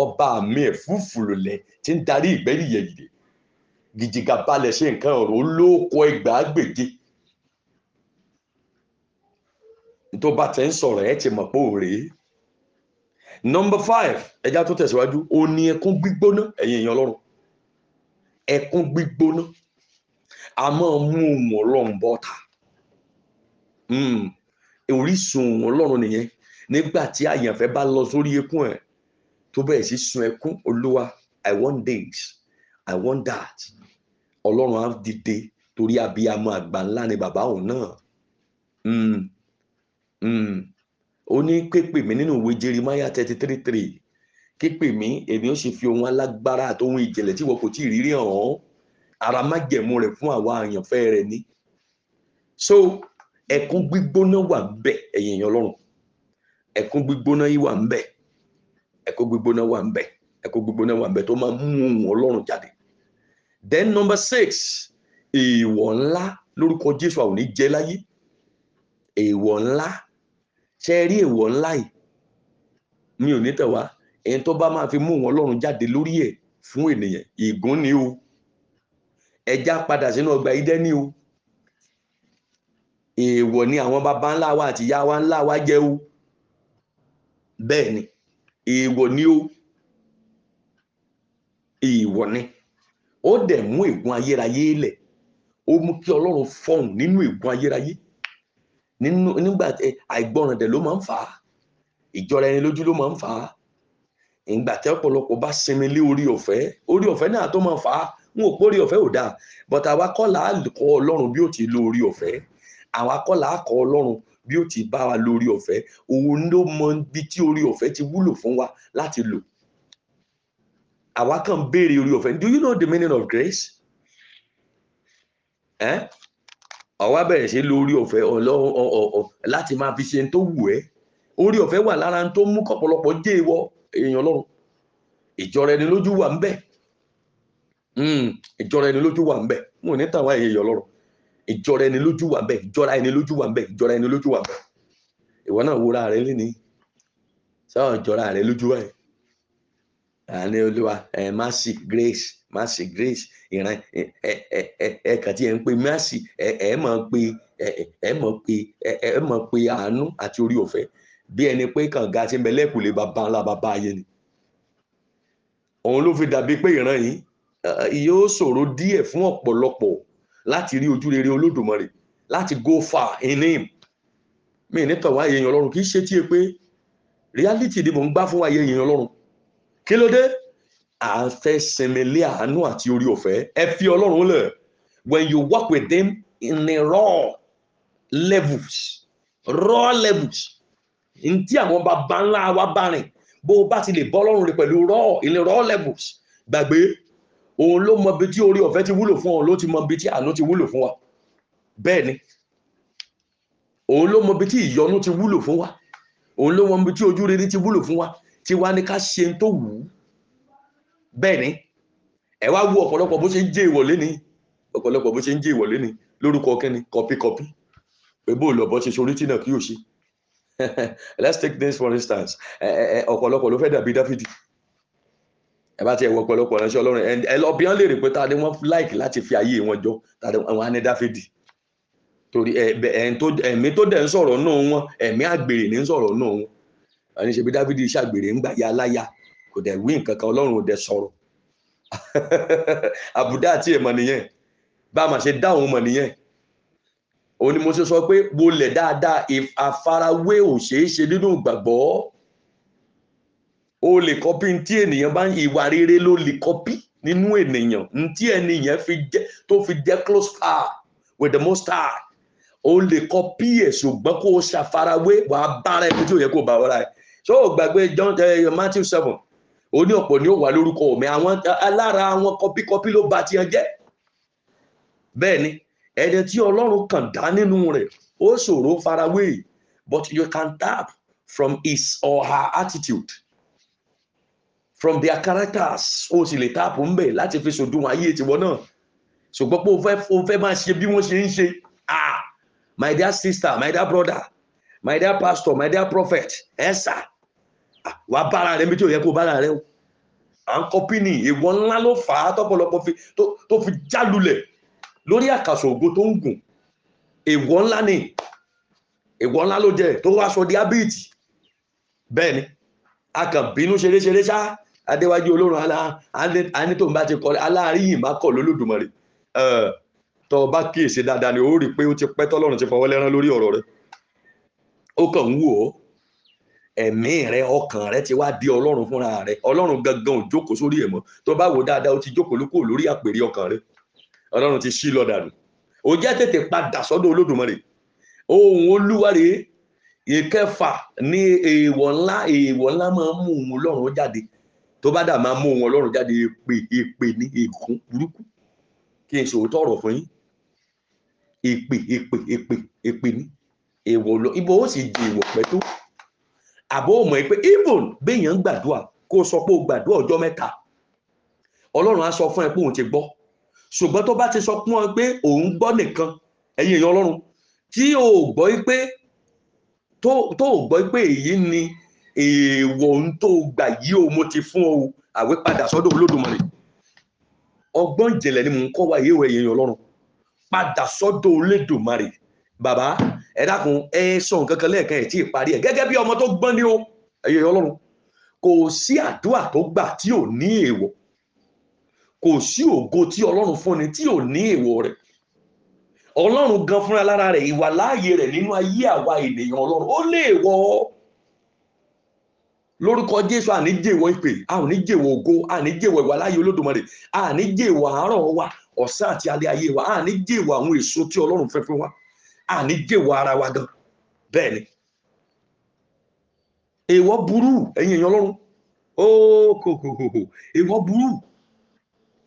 ọba mi ẹ̀fúùfù lòlẹ̀ tí ń darí ìgbẹ́rì yẹ̀yẹ̀ gìjìgà balẹ̀ ṣe nǹkan ọ̀rọ̀ olóòkọ ẹgbàá gbèje tó bá tẹ̀ ń sọ̀rọ̀ ẹ̀ ti mọ̀ pé òun rèé number five ẹja tó tẹ̀síwájú ó ní ẹkún gbígbóná ẹ̀yin èèyàn ọlọ́run ẹkún gbígbóná a máa mú ohun ọlọ́run bọ́ta hmm. orísun ohun ọlọ́run nìyẹn nígbà tí àyànfẹ́ bá lọ sórí ẹkún ẹ̀ tó bẹ̀rẹ̀ sí sun ẹkún olúwa i want this i want that ọlọ́run á dìde torí abiyamọ àgbà ńlá ni bàbá òun náà. Mm. Mm ó ní pépè mí nínú ìwé Jeremáyà thirty three three képè mí èmi ó sì fi ohun alágbára àti ohun ìjìnlẹ̀ tí wọ́n kò tí ì rírí hàn án ara májẹ̀mú rẹ̀ fún àwa àyànfẹ́ rẹ̀ ni so ẹkún gbígbóná wà ńbẹ ẹ̀yin èèyàn Ọlọ́run ẹkún gbígbóná yìí wà ńbẹ ẹkún gbígbóná wà ńbẹ ẹkún gbígbóná wà ńbẹ tó máa mú ohùn Ọlọ́run jáde then number six èèwọ̀ ńlá lórúkọ Jésù àwọn ò ní jẹ láyé èèwọ̀ ńlá ṣe rí èèwọ̀ ńlá yìí mi ò ní tẹ̀wá ẹni tó bá máa fi mú wọn lọ́rùn jáde lórí ẹ̀ fún ènìyàn ìgún ni o ẹja padà sínú ọgbà Ídẹ́nì o èèwọ̀ ni àwọn baba ńlá wa àti ìyá wa ńlá wa jẹ́ o bẹ́ẹ̀ ni èèwọ̀ ni o èèwọ̀ ni ó dẹ̀ mú ègún ayérayé lẹ̀ ó mú kí Ọlọ́run fọhùn nínú ègún ayérayé nínú nígbà àìgbọràn dẹ̀ ló máa ń fà á ìjọra ẹni lójú ló máa ń fà á ìgbà tẹ́ ọ̀pọ̀lọpọ̀ bá sinmi lé orí ọ̀fẹ́ orí ọ̀fẹ́ náà tó máa fà á n ò pórí ọ̀fẹ́ ò dáa but àwa kọ́ là á kọ́ ọlọ́run bí ó ti lo orí ọ̀fẹ́ àwa kọ́ là á kọ́ ọlọ́run bí ó ti bá wa lo orí ọ̀fẹ́ òun ló mọ ibi tí orí ọ̀fẹ́ ti wúlò fún wa láti lò àwa kàn béèrè orí ọ̀fẹ́ do you know the meaning of grace? Eh? àwa bẹ̀rẹ̀ sí lórí ọ̀fẹ́ láti máa fi ṣe tó wù ẹ́ orí ọ̀fẹ́ wà lára tó mú kọ̀pọ̀lọpọ̀ jẹ́ ìwọ èèyàn ọlọ́run ìjọra ẹni lójú wà ńbẹ̀ hmm, ìjọra ẹni lójú wà ńbẹ̀ mo ní tàwọn èèyàn ọlọ́run ìjọra ẹni lójú wà ńbẹ̀ ìjọra ẹni lójú wà ńbẹ̀ ìjọra ẹni lójú wà ńbẹ̀ ìwọ náà wúra rẹ lé ní sáwọn ìjọra rẹ lójú wà yẹn olúwa ẹ má sí grace mercy grace ìran ẹ ẹ ẹ ẹ kàn tí ẹ ń pe mercy ẹ ẹ mọ̀ pé ẹ ẹ mọ̀ pé ẹ ẹ mọ̀ pé àánú àti orí ọ̀fẹ́ bí ẹni pé kànga ti ń bẹ lẹ́kùlé bàbá ńlá bàbá ayé ni òun ló fi dàbí pé ìran yìí yóò ṣòro díẹ̀ fún ọ̀pọ̀lọpọ̀ láti rí ojú rere olódùmarè láti go far in him mi ní tọ̀wá èèyàn ọlọ́run kì í ṣe tí e pé reality ni mò ń gbá fún wa èèyàn ọlọ́run kí ló dé a fẹ́ sẹmẹlé àánú àti orí ọ̀fẹ́ ẹ fi ọlọ́run lẹ̀ when you work with them in a raw levels raw levels n tí àwọn bàbá ńlá wa bá rìn bó o bá ti lè bọ́ ọlọ́run rẹ pẹ̀lú raw in the raw levels gbàgbé òun ló mọ ibi tí orí ọ̀fẹ́ ti wúlò fún ọ ló ti mọ ibi tí àánú ti wúlò fún wa bẹ́ẹ̀ ni òun ló mọ ibi tí ìyọnu ti wúlò fún wa òun ló mọ ibi tí ojú rere ti wúlò fún wa tiwa ni ká ṣe tó wù ú bẹ́ẹ̀ ni ẹ wá wo ọ̀pọ̀lọpọ̀ bó ṣe ń jẹ́ ìwọ̀lé ni ọ̀pọ̀lọpọ̀ bó ṣe ń jẹ́ ìwọ̀lé ni lórúkọ kẹ́ni kọpíkọpí pé bó lọ́bọ̀ ṣe sorí tí náà kí yóò ṣe <laughs> let's take this for instance ọ̀pọ̀lọpọ̀ ló fẹ́ dàbí dáfídì ẹ bá ti ẹ̀wọ̀ ọ̀pọ̀lọpọ̀ ránṣẹ́ ọlọ́run ẹ lọ bí wọ́n lè rè pé tàdé wọ́n láìkì láti fi ayé wọn jọ tàdé wọn á ní dáfídì torí ẹ̀mí tó dẹ̀ ń sọ̀rọ̀ náà wọn ẹ̀mí àgbèrè ní ń sọ̀rọ̀ náà wọn àníṣe bí dáfídì ṣàgbèrè ń gbà ya láyà kò dẹ̀ wí nǹkan kan ọlọ́run ò dẹ̀ sọ̀rọ̀ <laughs> àbùdá àti èèmọ̀ nìyẹn bá a máa ṣe dáhùn mọ̀ nìyẹn òun ni mo ṣe sọ pé wọlẹ̀ dáadáa àfarawé ò ṣeé ṣe nínú ìgbàgbọ́ o lè kọ́pì tí ènìyàn bá ń ìwà rere ló lè kọ́pì nínú ènìyàn ntí ènìyàn fi jẹ́ tó fi jẹ́ close star with the most star o lè kọ́pì ẹ̀ ṣùgbọ́n kó o ṣàfarawé wàá bára ẹni tí ò yẹ kó o bá wọ́ra ẹ̀ so gbàgbé John eh, Matthew seven ó ní ọ̀pọ̀ ni ó wà lórúkọ mi àwọn alára àwọn kọpíkọpí ló ba tiẹ̀ jẹ́ bẹ́ẹ̀ ni ẹni tí ọlọ́run kàn dá nínú rẹ̀ ó ṣòro farawé but you can tap from his or her attitude from their characters ó sì lè tap ń bẹ̀ láti fi ṣòdùn ayé tiwọ náà ṣùgbọ́n pé o fẹ́ máa ṣe bí wọ́n ṣe ń ṣe ah my dear sister my dear brother my dear pastor my dear prophet ẹ sà. Yes, Ah, wàá bára rẹ méjì ò yẹ kó bára rẹ o à ń kọ́ pínì èèwọ̀ ńlá ló fà á tọ́pọ̀lọpọ̀ tó fi jálulẹ̀ lórí àkàsò ògo tó ń gùn èèwọ̀ ńlá ni èèwọ̀ ńlá ló jẹ́ tó wá sọ di ábíìtì bẹ́ẹ̀ ni a kàn bínú ṣeréṣeré ṣá adéwájú olórun àní tó ń bá ti kọ aláàrí yìí má kọ̀ lólódùmarè tó bá kíyèsí dáadáa ni ó rí i pé ó ti pẹ́ tọ́lọ́run ti fọwọ́ lẹ́rán lórí ọ̀rọ̀ rẹ̀ ó kàn ń wò ó ẹ̀mí rẹ ọkàn rẹ ti wá di ọlọ́run fúnra rẹ ọlọ́run gangan ò jókòó sórí ẹ̀ mọ́ tó bá wò dáadáa ó ti jókòó lóko lórí àpèrè ọkàn rẹ ọlọ́run ti ṣí lọ́dà nù ó jẹ́ tètè padà sọ́dọ̀ olódùmarè ohun olúwarè ìkẹfà ní èèwọ̀ ńlá èèwọ̀ ńlá máa mú òun ọlọ́run jáde tó bá dà máa mú òun ọlọ́run jáde èpè èpè ní ègún burúkú kí n sòótọ́ ọ̀rọ̀ fún yín èpè èpè èpè èpè ní èèwọ̀ lọ ibo ó sì jẹ èèwọ̀ pẹ́ tó àbó mọ̀ pé even béèyàn gbàdúrà kó sọ pé o gbàdúrà ọjọ́ mẹ́ta ọlọ́run á sọ fún ẹ pé òun ti gbọ́ ṣùgbọ́n tó bá ti sọ fún ọ pé òun gbọ́ nìkan ẹ̀yin èèyàn ọlọ́run tí o gbọ́ pé tó o gbọ́ pé èyí ni èèwọ̀ ohun tó gbà yí o mo ti fún ọ àwẹ́ padà sọ́dọ̀ olódùmarè ọgbọ́n ìjìnlẹ̀ ni mò ń kọ́ wa yéwọ̀ ọlọ́run padà sọ́dọ̀ olódùmarè bàbá ẹ dákun ẹ sọ nǹkan kan lẹ́ẹ̀kan ẹ̀ tí ì parí ẹ̀ gẹ́gẹ́ bí ọmọ tó gbọ́n ní o ẹ̀yẹ ọlọ́run kò sí àdúrà tó gbà tí ò ní èèwọ̀ kò sí ògo tí ọlọ́run fúnni tí ò ní èèwọ̀ rẹ̀ ọlọ́run gan fúnra lára rẹ̀ ìwà láàyè rẹ̀ nínú ayé àwa ènìyàn ọlọ́run ó lè wọ̀ ọ́ lórúkọ jésù àníjèwọ̀ ìpè àníjèwọ̀ ògo àníjèwọ̀ ìwà láàyè olódùmarè àníjèwọ̀ àárọ̀ wa ọ̀sán àti alẹ́ ayé wa àníjèwọ̀ àwọn èso tí ọlọ́run fẹ́ fún wa àní jèwọ ara wa gan bẹ́ẹ̀ ni èèwọ̀ burú ẹ̀yin èèyàn ọlọ́run ooo kòkòkò èèwọ̀ burú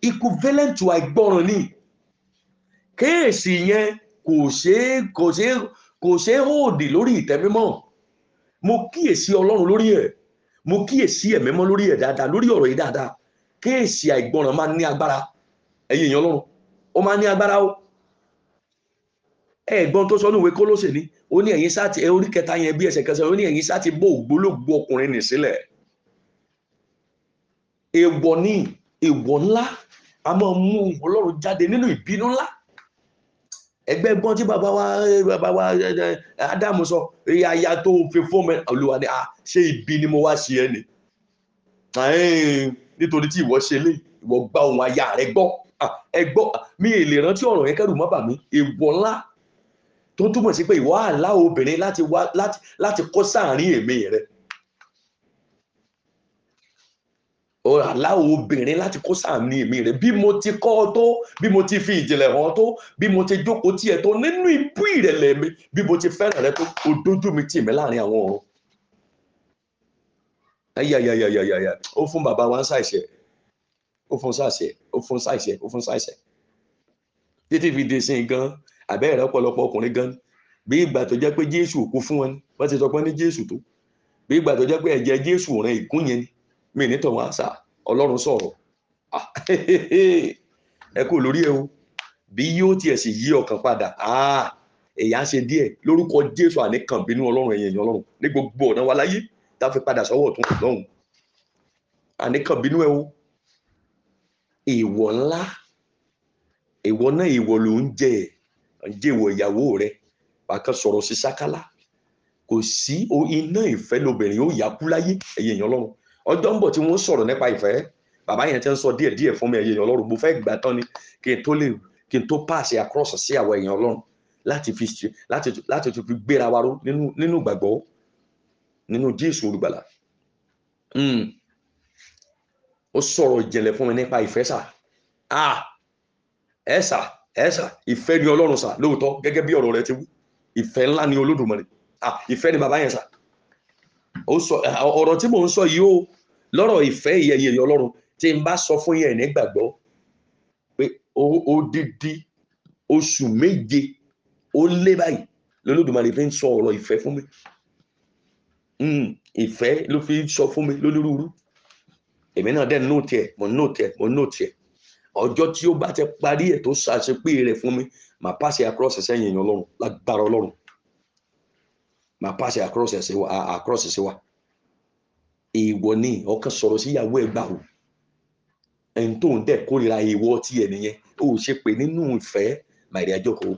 equivalent to àìgbọràn ni kéèsì yẹn kò ṣeé kò ṣeé kò ṣeé hóòdì lórí ìtẹ́mímọ́ mo kíyèsí ọlọ́run lórí ẹ̀ mo kíyèsí ẹ̀mẹ́mọ́ lórí ẹ̀ dáadáa lórí ọ̀rọ̀ yìí dáadáa kéèsì àìgbọràn máa ní agbára ẹ̀yin èèyàn ọlọ́run ó máa ní agbára o ẹ̀gbọ́n tó sọ ní ìwé Kólósè ni ó ní ẹ̀yin sáà ti orí kẹta yẹn bí ẹsẹ̀ kẹsẹ̀ ó ní ẹ̀yin sáà ti bó ògbólógbò ọkùnrin nì sílẹ̀ èèwọ̀ ní èèwọ̀ ńlá a máa mú Ọlọ́run jáde nínú ìbínú ńlá ẹgbẹ́ gbọ́n tí bàbá wa bàbá wa Ádámù sọ èyí aya tó fi fún mi Olúwa ni ṣé ibi ni mo wá ṣe ẹ ni nítorí tí ìwọ ṣe lé ìwọ gba ohun aya rẹ gbọ́ ẹ gbọ́ mi èlè rántí ọ̀rọ̀ yẹn kẹ́rù má bà mí èèwọ̀ ńlá tó túmọ̀ sí pé ìwọ àlá obìnrin láti wá sáàrin èmi rẹ àlá obìnrin láti kó sáàrin èmi rẹ bí mo ti kọ́ ọ tó bí mo ti fi ìjìnlẹ̀ hàn tó bí mo ti jókòó tiẹ̀ tó nínú ibú ìrẹ̀lẹ̀ mi bí mo ti fẹ́ràn rẹ tó o dójú mi tì mí láàrin àwọn ọ̀run ayayayayaya ó fún bàbá wa ń ṣàìṣe ó fún ṣàìṣe ó fún ṣàìṣe ó fún ṣàìṣe títí fi dé sí gan àbẹ́ẹ̀rẹ́ ọ̀pọ̀lọpọ̀ ọkùnrin gan bí ìgbà tó jẹ́ pé jésù kú fún wọn ni wọ́n ti sọ pé ní jésù tó bí ìgbà tó jẹ́ pé ẹ̀jẹ̀ jésù rìn ìkún yẹn ni mí ní tọ̀wọ́n àṣà ọlọ́run sọ̀rọ̀ <laughs> ẹ kú lórí ẹ o bí yóò tiẹ̀ sì yí ọkàn padà èyí á ṣe díẹ̀ lórúkọ jésù àníkànbínú ọlọ́run ẹ̀yìn ẹ̀yìn ọlọ́run ní gbogbo ọ̀nà wa láyé tá a fi padà sọ́wọ́ ọ̀tún ọlọ́run àníkànbínú ẹ o èèwọ̀ ńlá èèwọ̀ náà èèwọ̀ ló ń jẹ ẹ̀ jẹ́wọ́ ìyàwó rẹ̀ bàkan sọ̀rọ̀ sí sákálá kò sí iná ìfẹ́ lóbìnrin yóò yàkú láyé ẹ̀yẹ èèyàn lọ́rùn ọjọ́ ń bọ̀ tí wọ́n sọ̀rọ̀ nípa ìfẹ́ bàbá yẹn ti ń sọ díẹ̀ díẹ̀ fún mi ẹ̀yẹ èèyàn lọ́rùn mo fẹ́ gbà tán ni kí n tó lè kí n tó pàṣẹ e across sí àwọn èèyàn lọ́rùn láti fi láti láti tó fi gbéra wa ró nínú nínú ìgbàgbọ́ nínú Jésù olùgbàlà hmm. ó sọ̀rọ̀ ìjìnlẹ̀ fún mi nípa ìfẹ́ sà ah! ẹ̀ sà ẹ̀sà ìfẹ́ ni ọlọ́run sà lóòótọ́ gẹ́gẹ́ bí ọ̀rọ̀ rẹ ti wú ìfẹ́ ńlá ni olódùmarè ah ìfẹ́ ni bàbá yẹn sà ọ̀rọ̀ tí mò ń sọ yìí ó lọ́rọ̀ ìfẹ́ ìyẹyẹ ọlọ́run tí n bá sọ fún yẹn nígbàgbọ́ pé odidi oṣù méje ó lé báyìí lọ́lọ́dùmarè fi ń sọ ọ̀rọ̀ ìfẹ́ fún mi hmm, ìfẹ́ ló fi sọ fún mi lólúrúurú èmi náà dẹ̀ nóòtì ẹ̀ mo nóòtì ẹ̀ mo nóòtì ẹ̀ ọjọ́ tí ó bá ti parí ẹ̀ tó ṣàṣepé rẹ̀ fún mi màá pàṣẹ across ẹsẹ̀ yẹn yan ọlọ́run lágbára ọlọ́run màá pàṣẹ across ẹsẹ̀ wa across ẹsẹ̀ wa èèwọ̀ ni ọkàn sọ̀rọ̀ sí ìyàwó ẹ̀ gbà o ẹni tó ń dẹ̀ kórìíra èèwọ̀ tí ẹ̀ nìyẹn ó ṣe pé nínú ìfẹ́ màìrí àjọkọ̀ o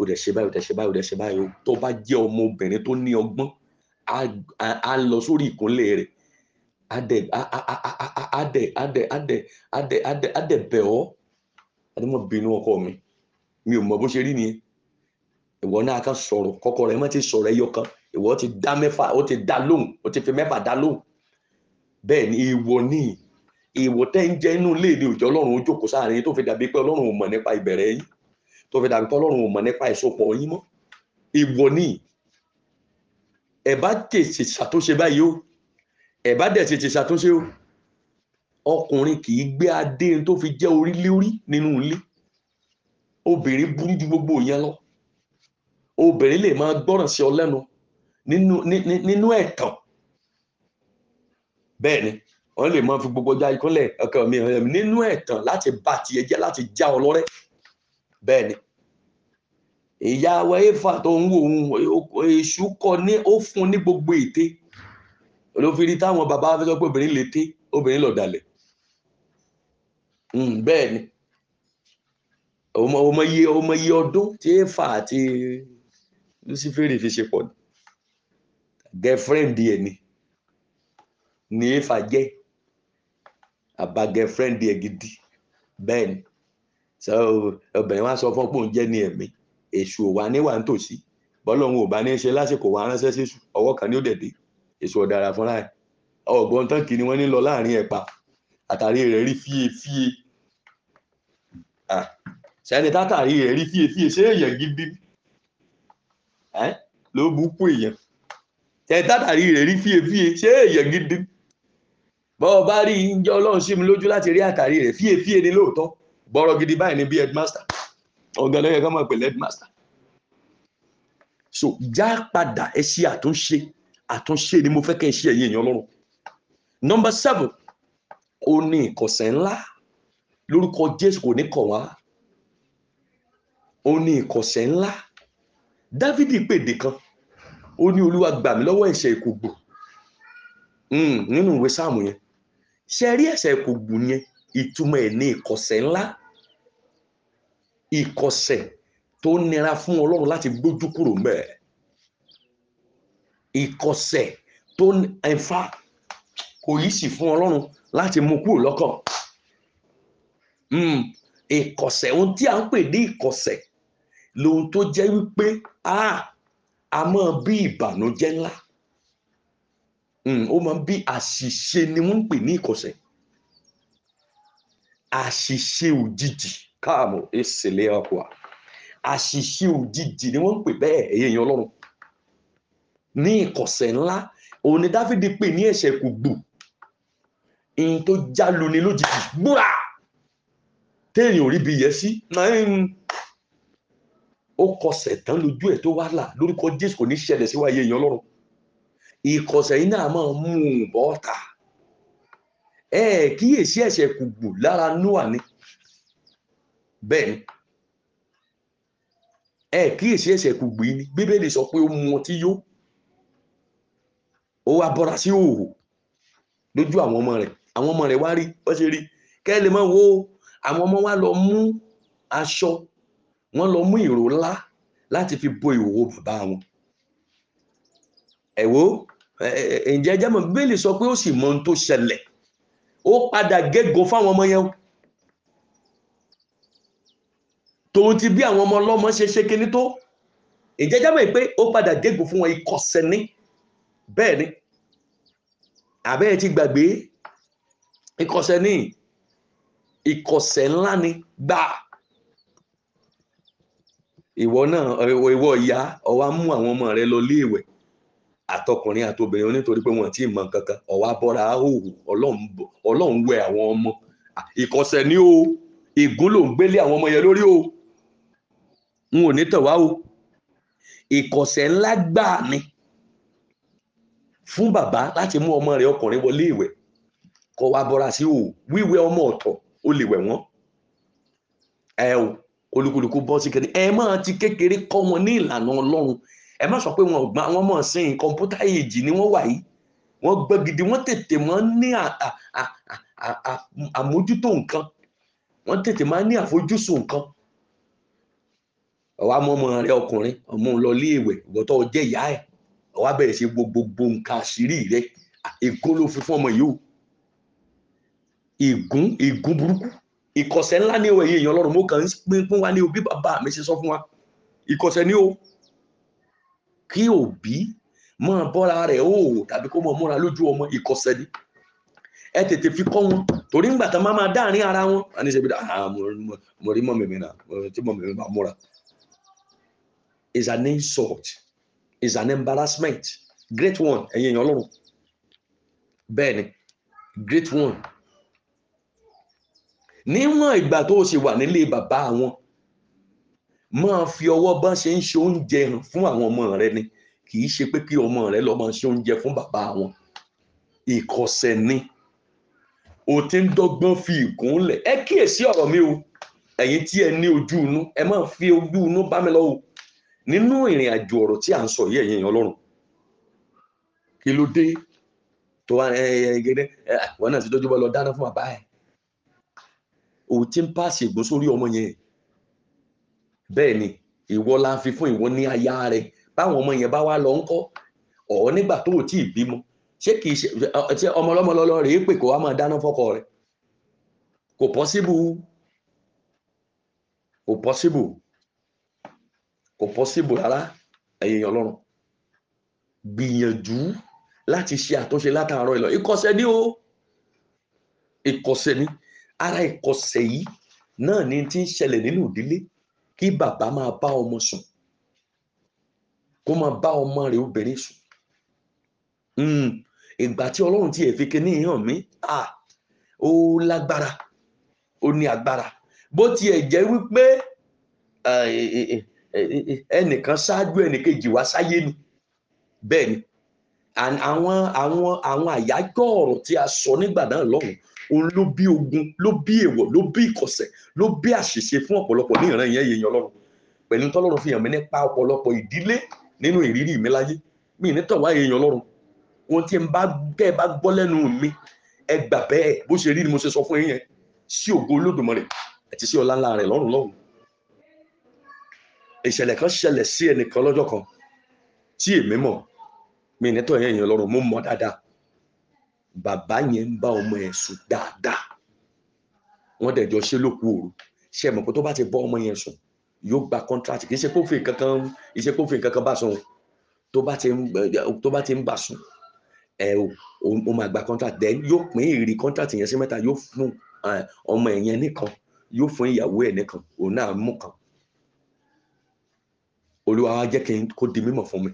ò dẹ̀ ṣe báyìí ò dẹ̀ ṣe báyìí ò dẹ̀ ṣe báyìí tó bá jẹ́ ọmọbìnrin tó ní ọgbọ́n á lọ sórí ìkúnlẹ̀ rẹ̀ adẹ adẹ adẹ adẹ adẹ adẹ adẹ bẹ ọ mo bínú ọkọ mi mi ò mọ bó ṣe rí nìyẹn ìwọ náà ká sọ̀rọ̀ kọkọ rẹ má ti sọ̀rọ̀ ẹyọ kan ìwọ ti dá mẹ́fà ó ti dá lóhùn ó ti fi mẹ́fà dá lóhùn bẹ́ẹ̀ ni ìwọ ní ìwọ tẹ ń jẹ inú léde òjò Ọlọ́run ojókòó sáàrin tó fi dàbí pé Ọlọ́run ò mọ nípa ìbẹ̀rẹ̀ yín tó fi dàbí pé Ọlọ́run ò mọ nípa ìsopọ̀ yín mọ́ ìwọ ní ẹ bá tètè ṣàtúnṣe báyìí o ẹ̀ bá dẹ̀ tètè ṣàtúnṣe o ọkùnrin kì í gbé adé tó fi jẹ́ orí lórí nínú ilé obìnrin burú ju gbogbo yẹn lọ obìnrin lè máa gbọ́ràn sí ọ lẹ́nu nínú ẹ̀tàn bẹ́ẹ̀ ni wọ́n lè máa fi gbogbo ọjà ìkúnlẹ̀ ọkọ mi nínú ẹ̀tàn láti bá tiẹ̀ jẹ́ láti já ọ lọ́rẹ́ bẹ́ẹ̀ ni ìyá wa efa tó ń wo ohun èṣù kọ ní ó fún ní gbogbo ète ló fi rí táwọn bàbá fẹ́ sọ pé obìnrin lété obìnrin lọ̀dàlẹ̀ hmm, bẹ́ẹ̀ ni ọmọye ọmọye ọdún tí Éfà àti Lúsífẹ́rì fi ṣe pọ̀ ni girlfriend ẹ̀ ni ni Éfà jẹ́ àbá girlfriend ẹ̀ gidi bẹ́ẹ̀ ni so obìnrin wa sọ fún pòun jẹ́ ní ẹ̀mí èṣù ò wá níwà nítòsí bọ́lọ́hún ò bá ní í ṣe lásìkò wa ránṣẹ́ sí ọwọ́ kan ní ó dẹ̀ dé èso ọ̀dàrà fúnra ẹ̀ ọ̀gbọ́n tán kì ni wọ́n ní lọ láàrin ẹ̀pà àtàrí rẹ̀ rí fíye fíye sẹ́ni tátàrí rẹ̀ rí fíye fíye ṣé èèyàn gidi ló bú kú èèyàn sẹ́ni tátàrí rẹ̀ rí fíye fíye ṣé èèyàn gidi bọ́ọ̀ bá rí ìjọ ọlọ́run sí mi lójú láti rí àtàrí rẹ̀ fíye fíye ni lóòótọ́ bọ́rọ̀ gidi báyìí ni bí headmaster ọ̀gá lẹ́yìn kan mọ̀ pẹ̀lú headmaster so já padà ẹ ṣe àtúnṣe àtúnṣe ni mo fẹ́ kẹ́ ẹ ṣe ẹ̀yin èèyàn ọlọ́run nọmba seven ó ní ìkọ̀sẹ̀ ńlá lórúkọ jésù kò ní kọ̀ wá ó ní ìkọ̀sẹ̀ ńlá dávidi pèdè kan ó ní olúwa gbà mí lọ́wọ́ ẹ̀ṣẹ̀ ìkùgbù hmm, nínú ìwé sáàmù yẹn ṣe rí ẹ̀ṣẹ̀ ìkùgbù yẹn ìtumọ̀ ẹ̀ ní ìkọ̀sẹ̀ ńlá ìkọ̀sẹ̀ tó nira fún ọlọ́run láti gbójú kúrò mẹ́ẹ̀ ìkọsẹ̀ tó ẹ̀fà kò yí sì fún ọlọ́run láti mú kúrò lọ́kàn hmm, ìkọsẹ̀ ohun tí a ń pè ní ìkọsẹ̀ lohun tó jẹ́ wípé a máa bí ìbànújẹ́ ńlá hmm, ó máa ń bí àṣìṣe ni wọ́n ń pè ní ìkọsẹ̀ àṣìṣe òjijì káàmù ìṣẹ̀lẹ̀ ọkọ̀ àṣìṣe òjijì ni wọ́n ń pè bẹ́ẹ̀ èyí èèyàn ọlọ́run ní ìkọ̀sẹ̀ ńlá òun ni dáfídì pè ní ẹ̀ṣẹ̀ kò gbò in tó jálu ni lójijì gbúra téèyàn ò rí bi yẹ sí ó kọsẹ̀ tán lójú ẹ̀ tó wá là lórúkọ jésù kò ní ṣẹlẹ̀ sí wáyé èèyàn lọ́rùn ìkọsẹ̀ yìí náà máa mú un bọ́ ta ẹ kíyèsí ẹ̀ṣẹ̀ kò gbò lára noa ni bẹ́ẹ̀ ẹ kíyèsí ẹ̀ṣẹ̀ kò gbò yìí ni bíbélì sọ pé ó mu ọtí yó ó wá bọ́ra sí òhò lójú àwọn ọmọ rẹ̀ àwọn ọmọ rẹ̀ wá rí wọ́n ṣe rí kẹ́ ẹ lè máa wo àwọn ọmọ wa lọ mú aṣọ wọ́n lọ mú ìró ńlá láti fi bo ìhòòhò bàbá wọn ẹ̀wò ǹjẹ́ jẹ́mọ̀ bíbélì sọ pé ó sì mọ ohun tó ṣẹlẹ̀ ó padà gégùn fáwọn ọmọ yẹn tòun ti bí àwọn ọmọ ọlọ́mọ ṣe ṣe kinní tó ǹjẹ́ jẹ́mọ̀ pé ó padà gégùn fún wọn ikọ̀ sẹ́ni bẹ́ẹ̀ ni àbẹ́ẹ̀ ti gbàgbé ìkọ̀sẹ̀ ní ìkọ̀sẹ̀ ńlá ni gbà ìwọ náà ìwọ ìyá ọwá mú àwọn ọmọ rẹ lọ léèwẹ̀ àtọkùnrin àtobìnrin onítorí pé wọn ti mọ kankan ọwá bọ́ra ahòhò ọlọ́run wẹ àwọn ọmọ ìkọ̀sẹ̀ ní o ìgún ló ń gbélé àwọn ọmọ yẹn lórí o n ò ní tẹ̀wá o ìkọ̀sẹ̀ ńlá gbà ni fún bàbá láti mú ọmọ rẹ̀ ọkùnrin wọlé ìwẹ̀ kó wá bọ́ra sí òwò wíwẹ̀ ọmọ ọ̀tọ̀ ó lè wẹ̀ wọ́n ẹ o olúkúlùkù bọ́ sí kékeré ẹ máa ti kékeré kọ́ wọn ní ìlànà ọlọ́run ẹ má sọ pé wọn gbọ́n àwọn ọmọ sìn kọ̀ǹpútà èjì ni wọ́n wà yìí wọ́n gbọ́ gidi wọ́n tètè máa ń ní àmójútó nǹkan wọ́n tètè máa ń ní àfojúsùn nǹkan ọ̀wá mọ́mọ́ rẹ ọkùnrin ọmọ ń lọ ilé ìwẹ̀ ìwọ́tọ̀ jẹ́ ìyá ẹ̀ àwa bẹ̀rẹ̀ ṣe gbogbo nǹkan àṣírí rẹ ègún ló fi fún ọmọ yìí o ègún ègún burúkú ìkọ̀sẹ̀ ńlá ní ẹ̀yìn èèyàn ọlọ́run mo kàn ń pínpín wá ní o bí bàbá mi ṣe sọ fún wa ìkọ̀sẹ̀ ní o kí òbí máa bọ́ra rẹ̀ o tàbí kó máa múra lójú ọmọ ìkọ̀sẹ̀ ni ẹ tètè fi kọ́ wọn torí ńgbà tá máa máa dáàrin ara wọn a ní ṣe bí dá ah, ah, mo rí mọ́ mi mi náà tí mọ́ mi mi bá múra is an insult is an embarrassment great one ẹ̀yin èèyàn ọlọ́run bẹ́ẹ̀ ni great one níwọ̀n ìgbà tó o ṣe wà nílé bàbá wọn máa fi ọwọ́ bá ṣe ń ṣe oúnjẹ hàn fún àwọn ọmọ rẹ ni kì í ṣe pé kí ọmọ rẹ lọ máa ṣe oúnjẹ fún bàbá wọn ìkọ̀sẹ̀ ni o ti ń dọ́gbọ́n fi ìkúnlẹ̀ ẹ kíyèsí ọ̀rọ̀ mi o ẹ̀yin tí ẹ ní ojú inú ẹ máa fi ojú inú bá mi lọ o nínú ìrìn àjò ọ̀rọ̀ tí à ń sọ yìí ẹ̀yin èèyàn ọlọ́run kí ló dé tó wá gẹ́gẹ́ wọn náà ti dójú bọ́ lọ dáná fún bàbá ẹ̀ òun ti ń pàṣẹ ìgbón sórí ọmọ yẹn bẹ́ẹ̀ ni ìwọ la fi fún ìwọ ní aya rẹ báwọn ọmọ yẹn bá wá lọ ń kọ́ ọ̀ nígbà tó ò tí ì bímọ ṣé kì í ṣe ọmọ ọlọ́mọ rèé pè kó wá máa dáná fọ́kọ rẹ̀ kò possible kò possible kò pọ́síbù rárá ẹ̀yìn ọlọ́run gbìyànjú láti ṣe àtúnṣe látàárọ̀ ìlọ ìkọ̀sẹ̀ ni o ìkọ̀sẹ̀ ni ara ìkọ̀sẹ̀ yìí náà ni ti ń ṣẹlẹ̀ nínú ìdílé kí bàbá máa bá ọmọ sùn kó máa bá ọmọ rẹ̀ obìnrin sùn hmm. ìgbà tí ọlọ́run ti ẹ̀fi kíní hàn mí ó lágbára ó ní agbára bó tiẹ̀ jẹ́ wípé ẹnìkan ṣáájú ẹnìkejì wá sáyé ni bẹ́ẹ̀ ni àwọn àwọn àwọn àyájọ́ ọ̀rọ̀ tí a sọ nígbà náà lọ́hùn òun ló bí ogun ló bí èèwọ̀ ló bí ìkọ̀sẹ̀ ló bí àṣìṣe fún ọ̀pọ̀lọpọ̀ ní ìran yẹn yẹn ọlọ́run pẹ̀lú tọ́lọ́run fi hàn mí nípa ọ̀pọ̀lọpọ̀ ìdílé nínú ìrírí mi láyé mi ní tọ̀wá èèyàn ọlọ́run ohun tí n bá bẹ́ẹ̀ bá gbọ́ lẹ́nu mi ẹ gbà bẹ́ẹ̀ bó ṣe rí ni mo ṣe sọ fún yín yẹn sí ògo Olódùmarè àti sí ọlá ńlá rẹ̀ lọ́rùn lọ́rùn ìṣẹ̀lẹ̀ kan ṣẹlẹ̀ sí ẹnìkan lọ́jọ́ kan tí èmi mọ̀ mi ní tọ̀ yẹn èèyàn lọ́rùn mo mọ̀ dáadáa bàbá yẹn ń bá ọmọ ẹ̀ sùn dáadáa wọ́n dẹ̀ jọ ṣe lóku òru ṣe mọ̀ pé tó bá ti bọ́ ọmọ yẹn sùn yóò gba kọ́ńtrátì kì í ṣe kófin kankan iṣẹ́ kófin kankan bá sùn tó bá ti ń bá sùn ẹ o máa gba kọ́ńtrátì then yóò pín ìrì kọ́ńtrátì yẹn sí mẹ́ta yóò fún ọmọ ẹ̀ yẹn nìkan yóò fún ìyàwó ẹ̀ nìkan òun náà mú kan olúwa wa jẹ́ kí n kó di mímọ̀ fún mi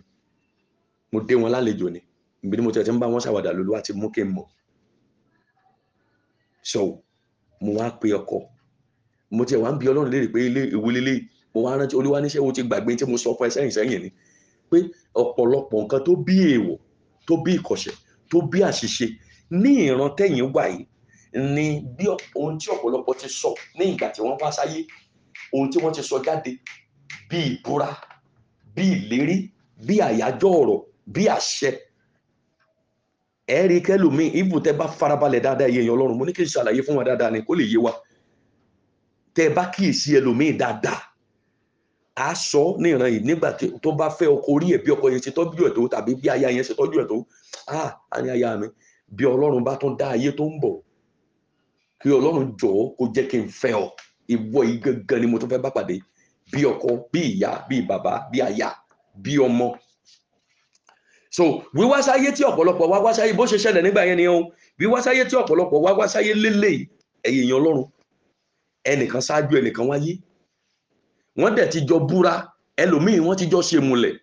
mo dé wọn lálejò ni ibi ni mo tẹ̀ tí ń bá wọn ṣàwàdà lólu àti mú kí n mọ̀ so mo wá pe ọkọ mo tiẹ̀ wá ń bi ọlọ́run léèrè pé ilé ìwé lélẹ̀ mo wá rántí olúwa níṣẹ́ wo ti gbàgbé tí mo sọ fún ẹ sẹ́yìn sẹ́yìn ni pé ọ̀pọ̀lọpọ̀ nǹkan tó bí èèwọ̀ tó bí ìkọ̀ṣẹ̀ tó bí àṣìṣe ní ìran tẹ̀yìn wà yìí ni bí ohun tí ọ̀pọ̀lọpọ̀ ti sọ ní ìgbà tí wọ́n wá sáyé ohun tí wọ́n ti sọ jáde bí ìbúra bí ìlérí bí àyájọ́ ọ̀rọ̀ bí àṣẹ ẹ̀rí kẹlòmíì ibù tẹ bá farabalẹ̀ dáadáa yẹn ọlọ́run mo ní kí n ṣàlàyé fún wa dáadáa ni kó lè yé wa tẹ bá kíyèsí ẹlòmíì dáadáa a sọ ní ìran yìí nígbà tó bá fẹ́ ọkọ orí ẹ̀ bí ọkọ yẹn ṣe tọ́jú ẹ̀ tó tàbí bí aya yẹn ṣe tọ́jú ẹ̀ tó a a ní aya mi bí ọlọ́run bá tún dá ayé tó ń bọ̀ kí ọlọ́run jọ̀ọ́ kó jẹ́ kí n fẹ́ ọ ìwọ yìí gangan ni mo tún fẹ́ bá pàdé bí ọkọ bí ìyá bí bàbá bí aya bí ọmọ so wíwá sáyé tí ọ̀pọ̀lọpọ̀ wá wá sáyé bó ṣe ṣẹlẹ̀ nígbà yẹn ni ó wíwá sáyé tí ọ̀pọ̀lọpọ̀ wá wá sáyé lélẹ̀ ẹ̀yìn èèyàn ọlọ́run ẹnìkan ṣáájú ẹnìkan wáyé wọ́n dẹ̀ ti jọ búra ẹlòmíì wọ́n ti jọ ṣe múlẹ̀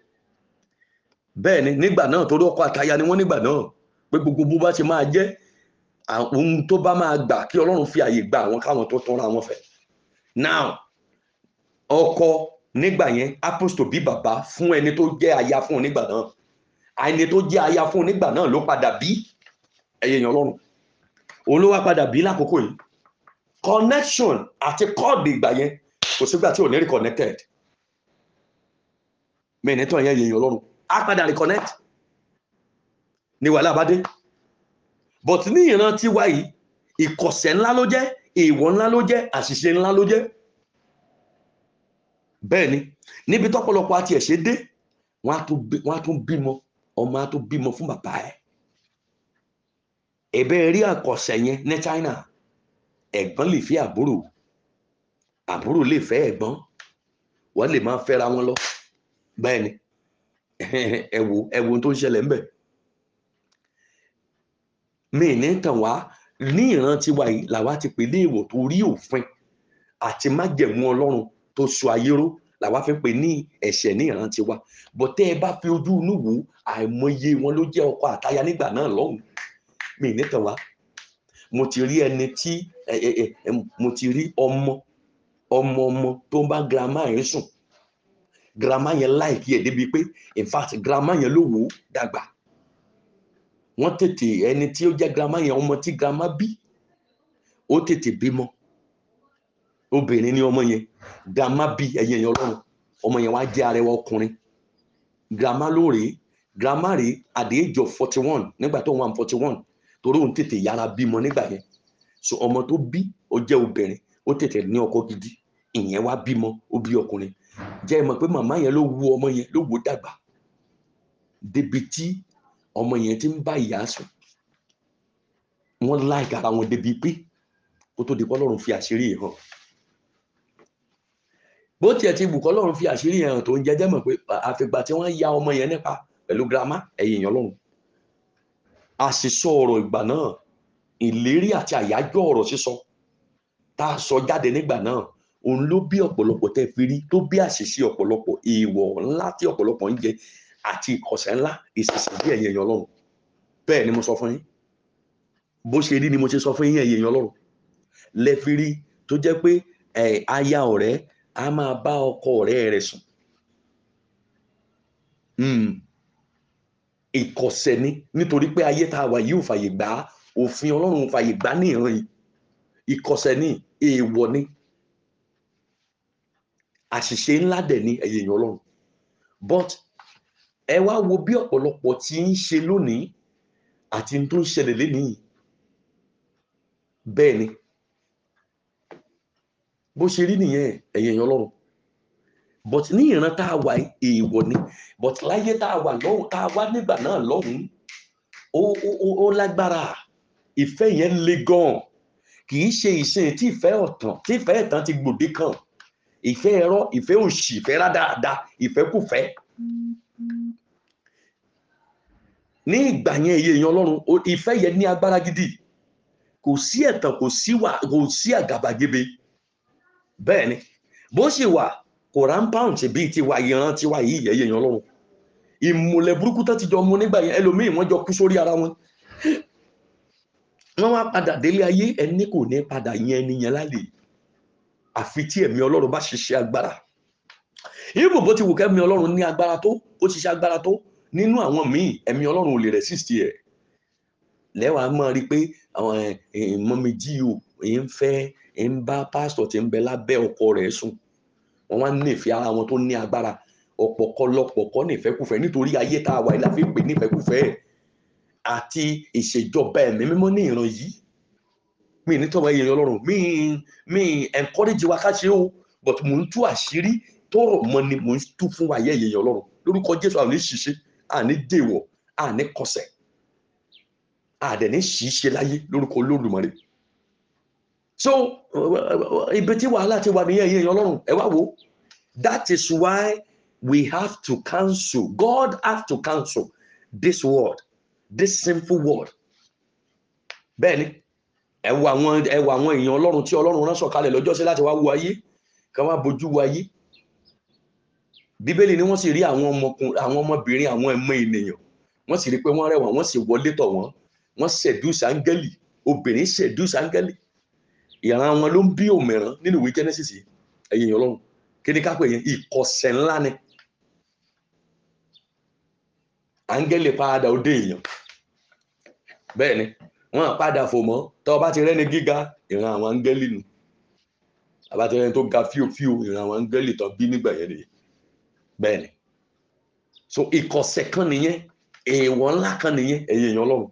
bẹ́ẹ̀ ni nígbà náà torí ọkọ àtaya ni wọ́n nígbà náà pé gbogbo bó bá ṣe máa jẹ́ àwọn tó bá máa gbà kí ọlọ́run fi àyè gba àwọn káwọn tó tọ́ra wọn fẹ́ now ọkọ nígbà yẹn apostle to be bàbá fún ẹni tó jẹ́ aya fún nígbà náà ẹni tó jẹ́ aya fún nígbà náà ló padà bí ẹ̀yẹ̀ yẹn ọlọ́run òun ló wá padà bí lákòókò yìí connection àti kọ́ọ̀dì ìgbà yẹn kò sígbà tí ò ní reconnected mi ní tàn yẹn yẹ̀yẹ̀ ọlọ́run á padà reconnect ni wàhálà bá but ní ìran tiwa yìí ìkọ̀sẹ̀ ńlá ló jẹ́ èèwọ̀ ńlá ló jẹ́ àṣìṣe ńlá ló jẹ́ bẹ́ẹ̀ ni níbi tọ́pọ̀lọpọ̀ àti ẹ̀ṣẹ̀ dé wọ́n á tún bímọ ọmọ á tún bímọ fún bàbá ẹ̀ ẹ̀bẹ́ rí àkọsẹ̀ yẹn ní China ẹ̀gbọ́n lè fẹ́ àbúrò àbúrò lè fẹ́ ẹ̀gbọ́n wọ́n lè máa fẹ́ra wọn lọ bẹ́ẹ̀ ni <laughs> ẹ wo ẹ wo tó ń ṣẹlẹ̀ ńbẹ̀ mi ní tàn wá ní ìran tiwa yìí làwa ti pè é léèwọ̀ tó rí òfin àti májẹ̀mú ọlọ́run tó so ayé ró làwa fi ń pè ní ẹ̀ṣẹ̀ ní ìrántí wa bọ̀ tẹ́ ẹ bá fi ojú inú wò àìmọye wọn ló jẹ́ ọkọ àtaya nígbà náà lọ́hùn mi nìkan wa mo ti rí ẹni tí mo ti rí ọmọ ọmọ ọmọ tó ń bá girama yẹn sùn girama yẹn láìkí ẹ̀ débi pé in fact girama yẹn ló wò ó dàgbà wọ́n tètè ẹni tí ó jẹ́ girama yẹn ọmọ tí girama bí ó tètè bímọ obìnrin ni ọmọ yẹn grandma bí ẹ̀yìn ẹ̀yìn ọlọ́run ọmọ yẹn wá jẹ́ arẹwà ọkùnrin grandma lóore grandma rèé at the forty one nígbà tó ń wà forty one torí òun tètè yára bímọ nígbà yẹn so ọmọ tó bí ó jẹ́ obìnrin ó tètè ní ọkọ gidi ìyẹn wá bímọ ó bí ọkùnrin jẹ́ ìmọ̀ pé màmá yẹn ló wú ọmọ yẹn ló wò dàgbà débi tí ọmọ yẹn ti ń bá ìyá sùn wọ́n láìka ara wọn débi pé kó tó di pé ọlọ́run fi àṣírí yìí hàn bó tiẹ̀ ti bù kọ́lọ́run fi àṣírí ẹ̀hàn tó ń jẹ́jẹ́ mọ̀ pé àfìgbà tí wọ́n ya ọmọ yẹn nípa pẹ̀lú girama ẹ̀yìn èèyàn lọ́run àṣìṣọ ọ̀rọ̀ ìgbà náà ìlérí àti àyájọ́ ọ̀rọ̀ sísọ tá a sọ jáde nígbà náà òun ló bí ọ̀pọ̀lọpọ̀ tẹ́ fi rí tó bí àṣìṣe ọ̀pọ̀lọpọ̀ èèwọ̀ ńlá tí ọ̀pọ̀lọpọ̀ ń jẹ àti ìkọ̀sẹ̀ ńlá ìṣẹ̀ṣẹ̀ bí ẹ̀yìn èèyàn lọ́run bẹ́ẹ̀ ni mo sọ fún yín bó ṣe rí ni mo ṣe sọ fún yín ẹ̀yìn èèyàn lọ́run lẹ rí tó jẹ́ pé aya ọ̀rẹ́ a máa bá ọkọ ọ̀rẹ́ rẹ̀ sùn hmm. ìkọ̀sẹ̀ ni nítorí pé ayé tá a wà yìí ò fàyè gbà á òfin ọlọ́run ò fàyè gbà á ní ìran yìí ni èèwọ̀ ni àṣìṣe ńlá dẹ̀ ni ẹ̀yìn èèyàn ọlọ́run but ẹ wá wo bí ọ̀pọ̀lọpọ̀ ti ń ṣe lónìí àti tó ń ṣẹlẹ̀ lénìí bẹ́ẹ̀ ni. Bene bó ṣe rí nìyẹn ẹ̀yìn ẹ̀yìn ọlọ́run but ní ìran tá a wà èèwọ̀ ni but láyé tá a wà lọ́hùn tá a wà nígbà náà lọ́hùn ó ó ó lágbára ìfẹ́ yẹn le gan-an kì í ṣe ìsìn tí ìfẹ́ ọ̀tàn tí ìfẹ́ ẹ̀tàn ti gbòde kan ìfẹ́ ẹ̀rọ ìfẹ́ òṣì ìfẹ́ rádáadáa ìfẹ́kùfẹ́ ní ìgbà yẹn iye èèyàn ọlọ́run ìfẹ́ yẹn ní agbára gidi kò sí ẹ̀tàn kò sí àgàbàgebè. Si bẹ́ẹ̀ ni bó ṣe wà kò rampant bíi tiwa ìran tiwa yìí yẹ̀yẹ̀ èèyàn lọ́wọ́ ìmùlẹ̀ burúkú tó ti jọ mu nígbà yẹn ẹlòmíì wọ́n jọ kú sórí ara wọn wọ́n wá padà délé ayé ẹni kò ní padà yẹn ẹni yẹn lálẹ́ àfi tí ẹ̀mí ọlọ́run bá ṣiṣẹ́ agbára ibò bó ti wù kẹ́mi ọlọ́run ní agbára tó ó ṣiṣẹ́ agbára tó nínú àwọn míì ẹ̀mí ọlọ́run ò lè resist ẹ̀ lẹ́wàá máa rí pé àwọn eh, mọ́mí jí o èyí ń fẹ́ ń bá pásítọ̀ tí ń bẹ lábẹ́ ọkọ rẹ̀ sùn wọ́n wá nífẹ̀ẹ́ ara wọn tó ní agbára ọ̀pọ̀kọlọpọ̀ kọ́ nífẹ̀ẹ́kùfẹ́ nítorí ayé tá a wà ilà fi ń pè nífẹ̀ẹ́kùfẹ́ àti ìṣèjọba ẹ̀mí mímọ́ ní ìran yìí mi ní tọ́wọ́ èèyàn ọlọ́run mi mi encourage wa ká ṣe o but mò ń tú àṣírí tó rọ̀ ni mò ń tú fún wa yẹ èèyàn ọlọ́run lórúkọ jésù àní ṣìṣe àní dèwọ̀ àní kọsẹ̀ àdẹ̀ ní ṣìṣe láyé lórúkọ olódùmarè so ibi tí wàhálà ti wà nìyẹn yìí ọlọ́run ẹ wá wò that is why we have to cancel God have to cancel this word, this sinful word. bẹ́ẹ̀ ni ẹ wo àwọn ẹ wo àwọn èèyàn ọlọ́run tí ọlọ́run rán sọ̀kalẹ̀ lọ́jọ́ sí láti wá wo ayé kí wọ́n bójú wo ayé bíbélì ni wọ́n sì rí àwọn ọmọkùnrin àwọn ọmọbìnrin àwọn ẹ̀mọ́ ènìyàn wọ́n sì rí pé wọ́n rẹwà wọ́n sì wọlé tọ̀ wọ́n wọ́n seduce áńgẹ́lì obìnrin seduce áńgẹ́lì ìran wọn ló ń bí òmìrán nínú ìwé Genesis ẹ̀yìn ọlọ́run kí ni ká pè yẹn ìkọ̀sẹ̀ ńlá ni áńgẹ́lì padà ó dé èèyàn bẹ́ẹ̀ ni wọ́n padà fò mọ́ tọ́ ọ bá ti rẹ́ni gíga ìran àwọn áńgẹ́lì nù àbá ti rẹ́ni tó ga fíofío ìran àwọn áńgẹ́lì tán bí nígbà yẹn nìyẹn bẹ́ẹ̀ ni so ìkọ̀sẹ̀ kan nìyẹn èèwọ̀ ńlá kan nìyẹn ẹ̀yìn ọlọ́run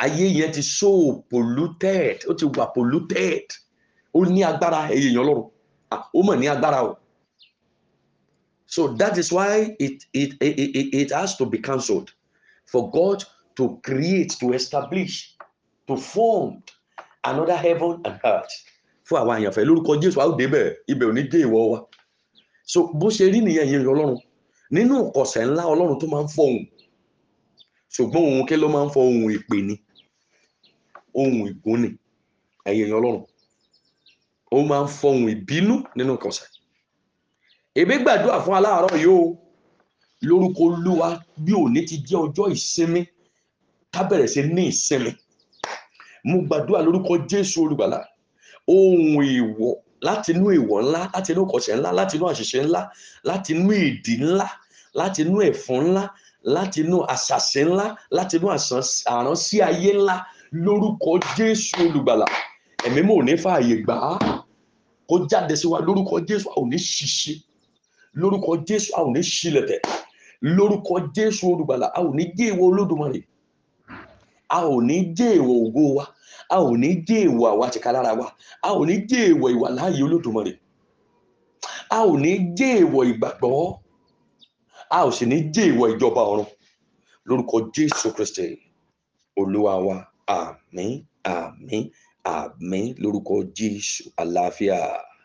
ayé yẹn ti so polluted ó ti wà polluted ó ní agbára èèyàn lọ́rùn ó mọ̀ ní agbára o so that is why it it it it has to be cancelled for God to create to establish to form another heaven and earth fún àwọn àyànfẹ́ lórúkọ Jésù àwọn òde bẹ́ẹ̀ ibẹ̀ ò ní dé ìwọ wa so bó ṣe rí nìyẹn yẹn Ọlọ́run nínú ọ̀sẹ̀ ńlá Ọlọ́run tó máa ń fọ ohùn ṣùgbọ́n ohun kí ló máa ń fọ ohùn ìpè ni ohun ìgúnni ẹ̀yin èèyàn ọlọ́run ó máa ń fọhùn ìbínú nínú kọsẹ̀ èmi gbàdúrà fún aláàárọ̀ yìí o lórúkọ olúwa bí òní ti jẹ́ ọjọ́ ìsinmi ká bẹ̀rẹ̀ sí ní ìsinmi mo gbàdúrà lórúkọ jésù olùgbàlà ohun ìwọ̀ láti inú ìwọ̀ ńlá láti inú kọsẹ̀ ńlá láti inú àṣìṣe ńlá láti inú ìdí ńlá láti inú ẹ̀fọn ńlá láti inú àṣàṣe ńlá láti àránsí ayé ńlá lórúkọ jésù olùgbàlà ẹ̀mí mò ní fààyè gbà á kó jáde sí wa lórúkọ jésù a ò ní ṣìṣe lórúkọ jésù a ò ní ṣílẹ̀tẹ̀ lórúkọ jésù olùgbàlà a ò ní jẹ́ ìwọ olódùmarè a ò ní jẹ́ ìwọ ògo wa a ò ní jẹ́ ìwọ àwa tìkálára wa a ò ní jẹ́ ìwọ ìwà láàyè olódùmarè a ò ní jẹ́ ìwọ ìgbàgbọ́ a ò sì ní jẹ́ ìwọ ìjọba ọ̀run lórúkọ jésù kristi olúwa wa. Amém, amém, amém. Lurukodish, alafia.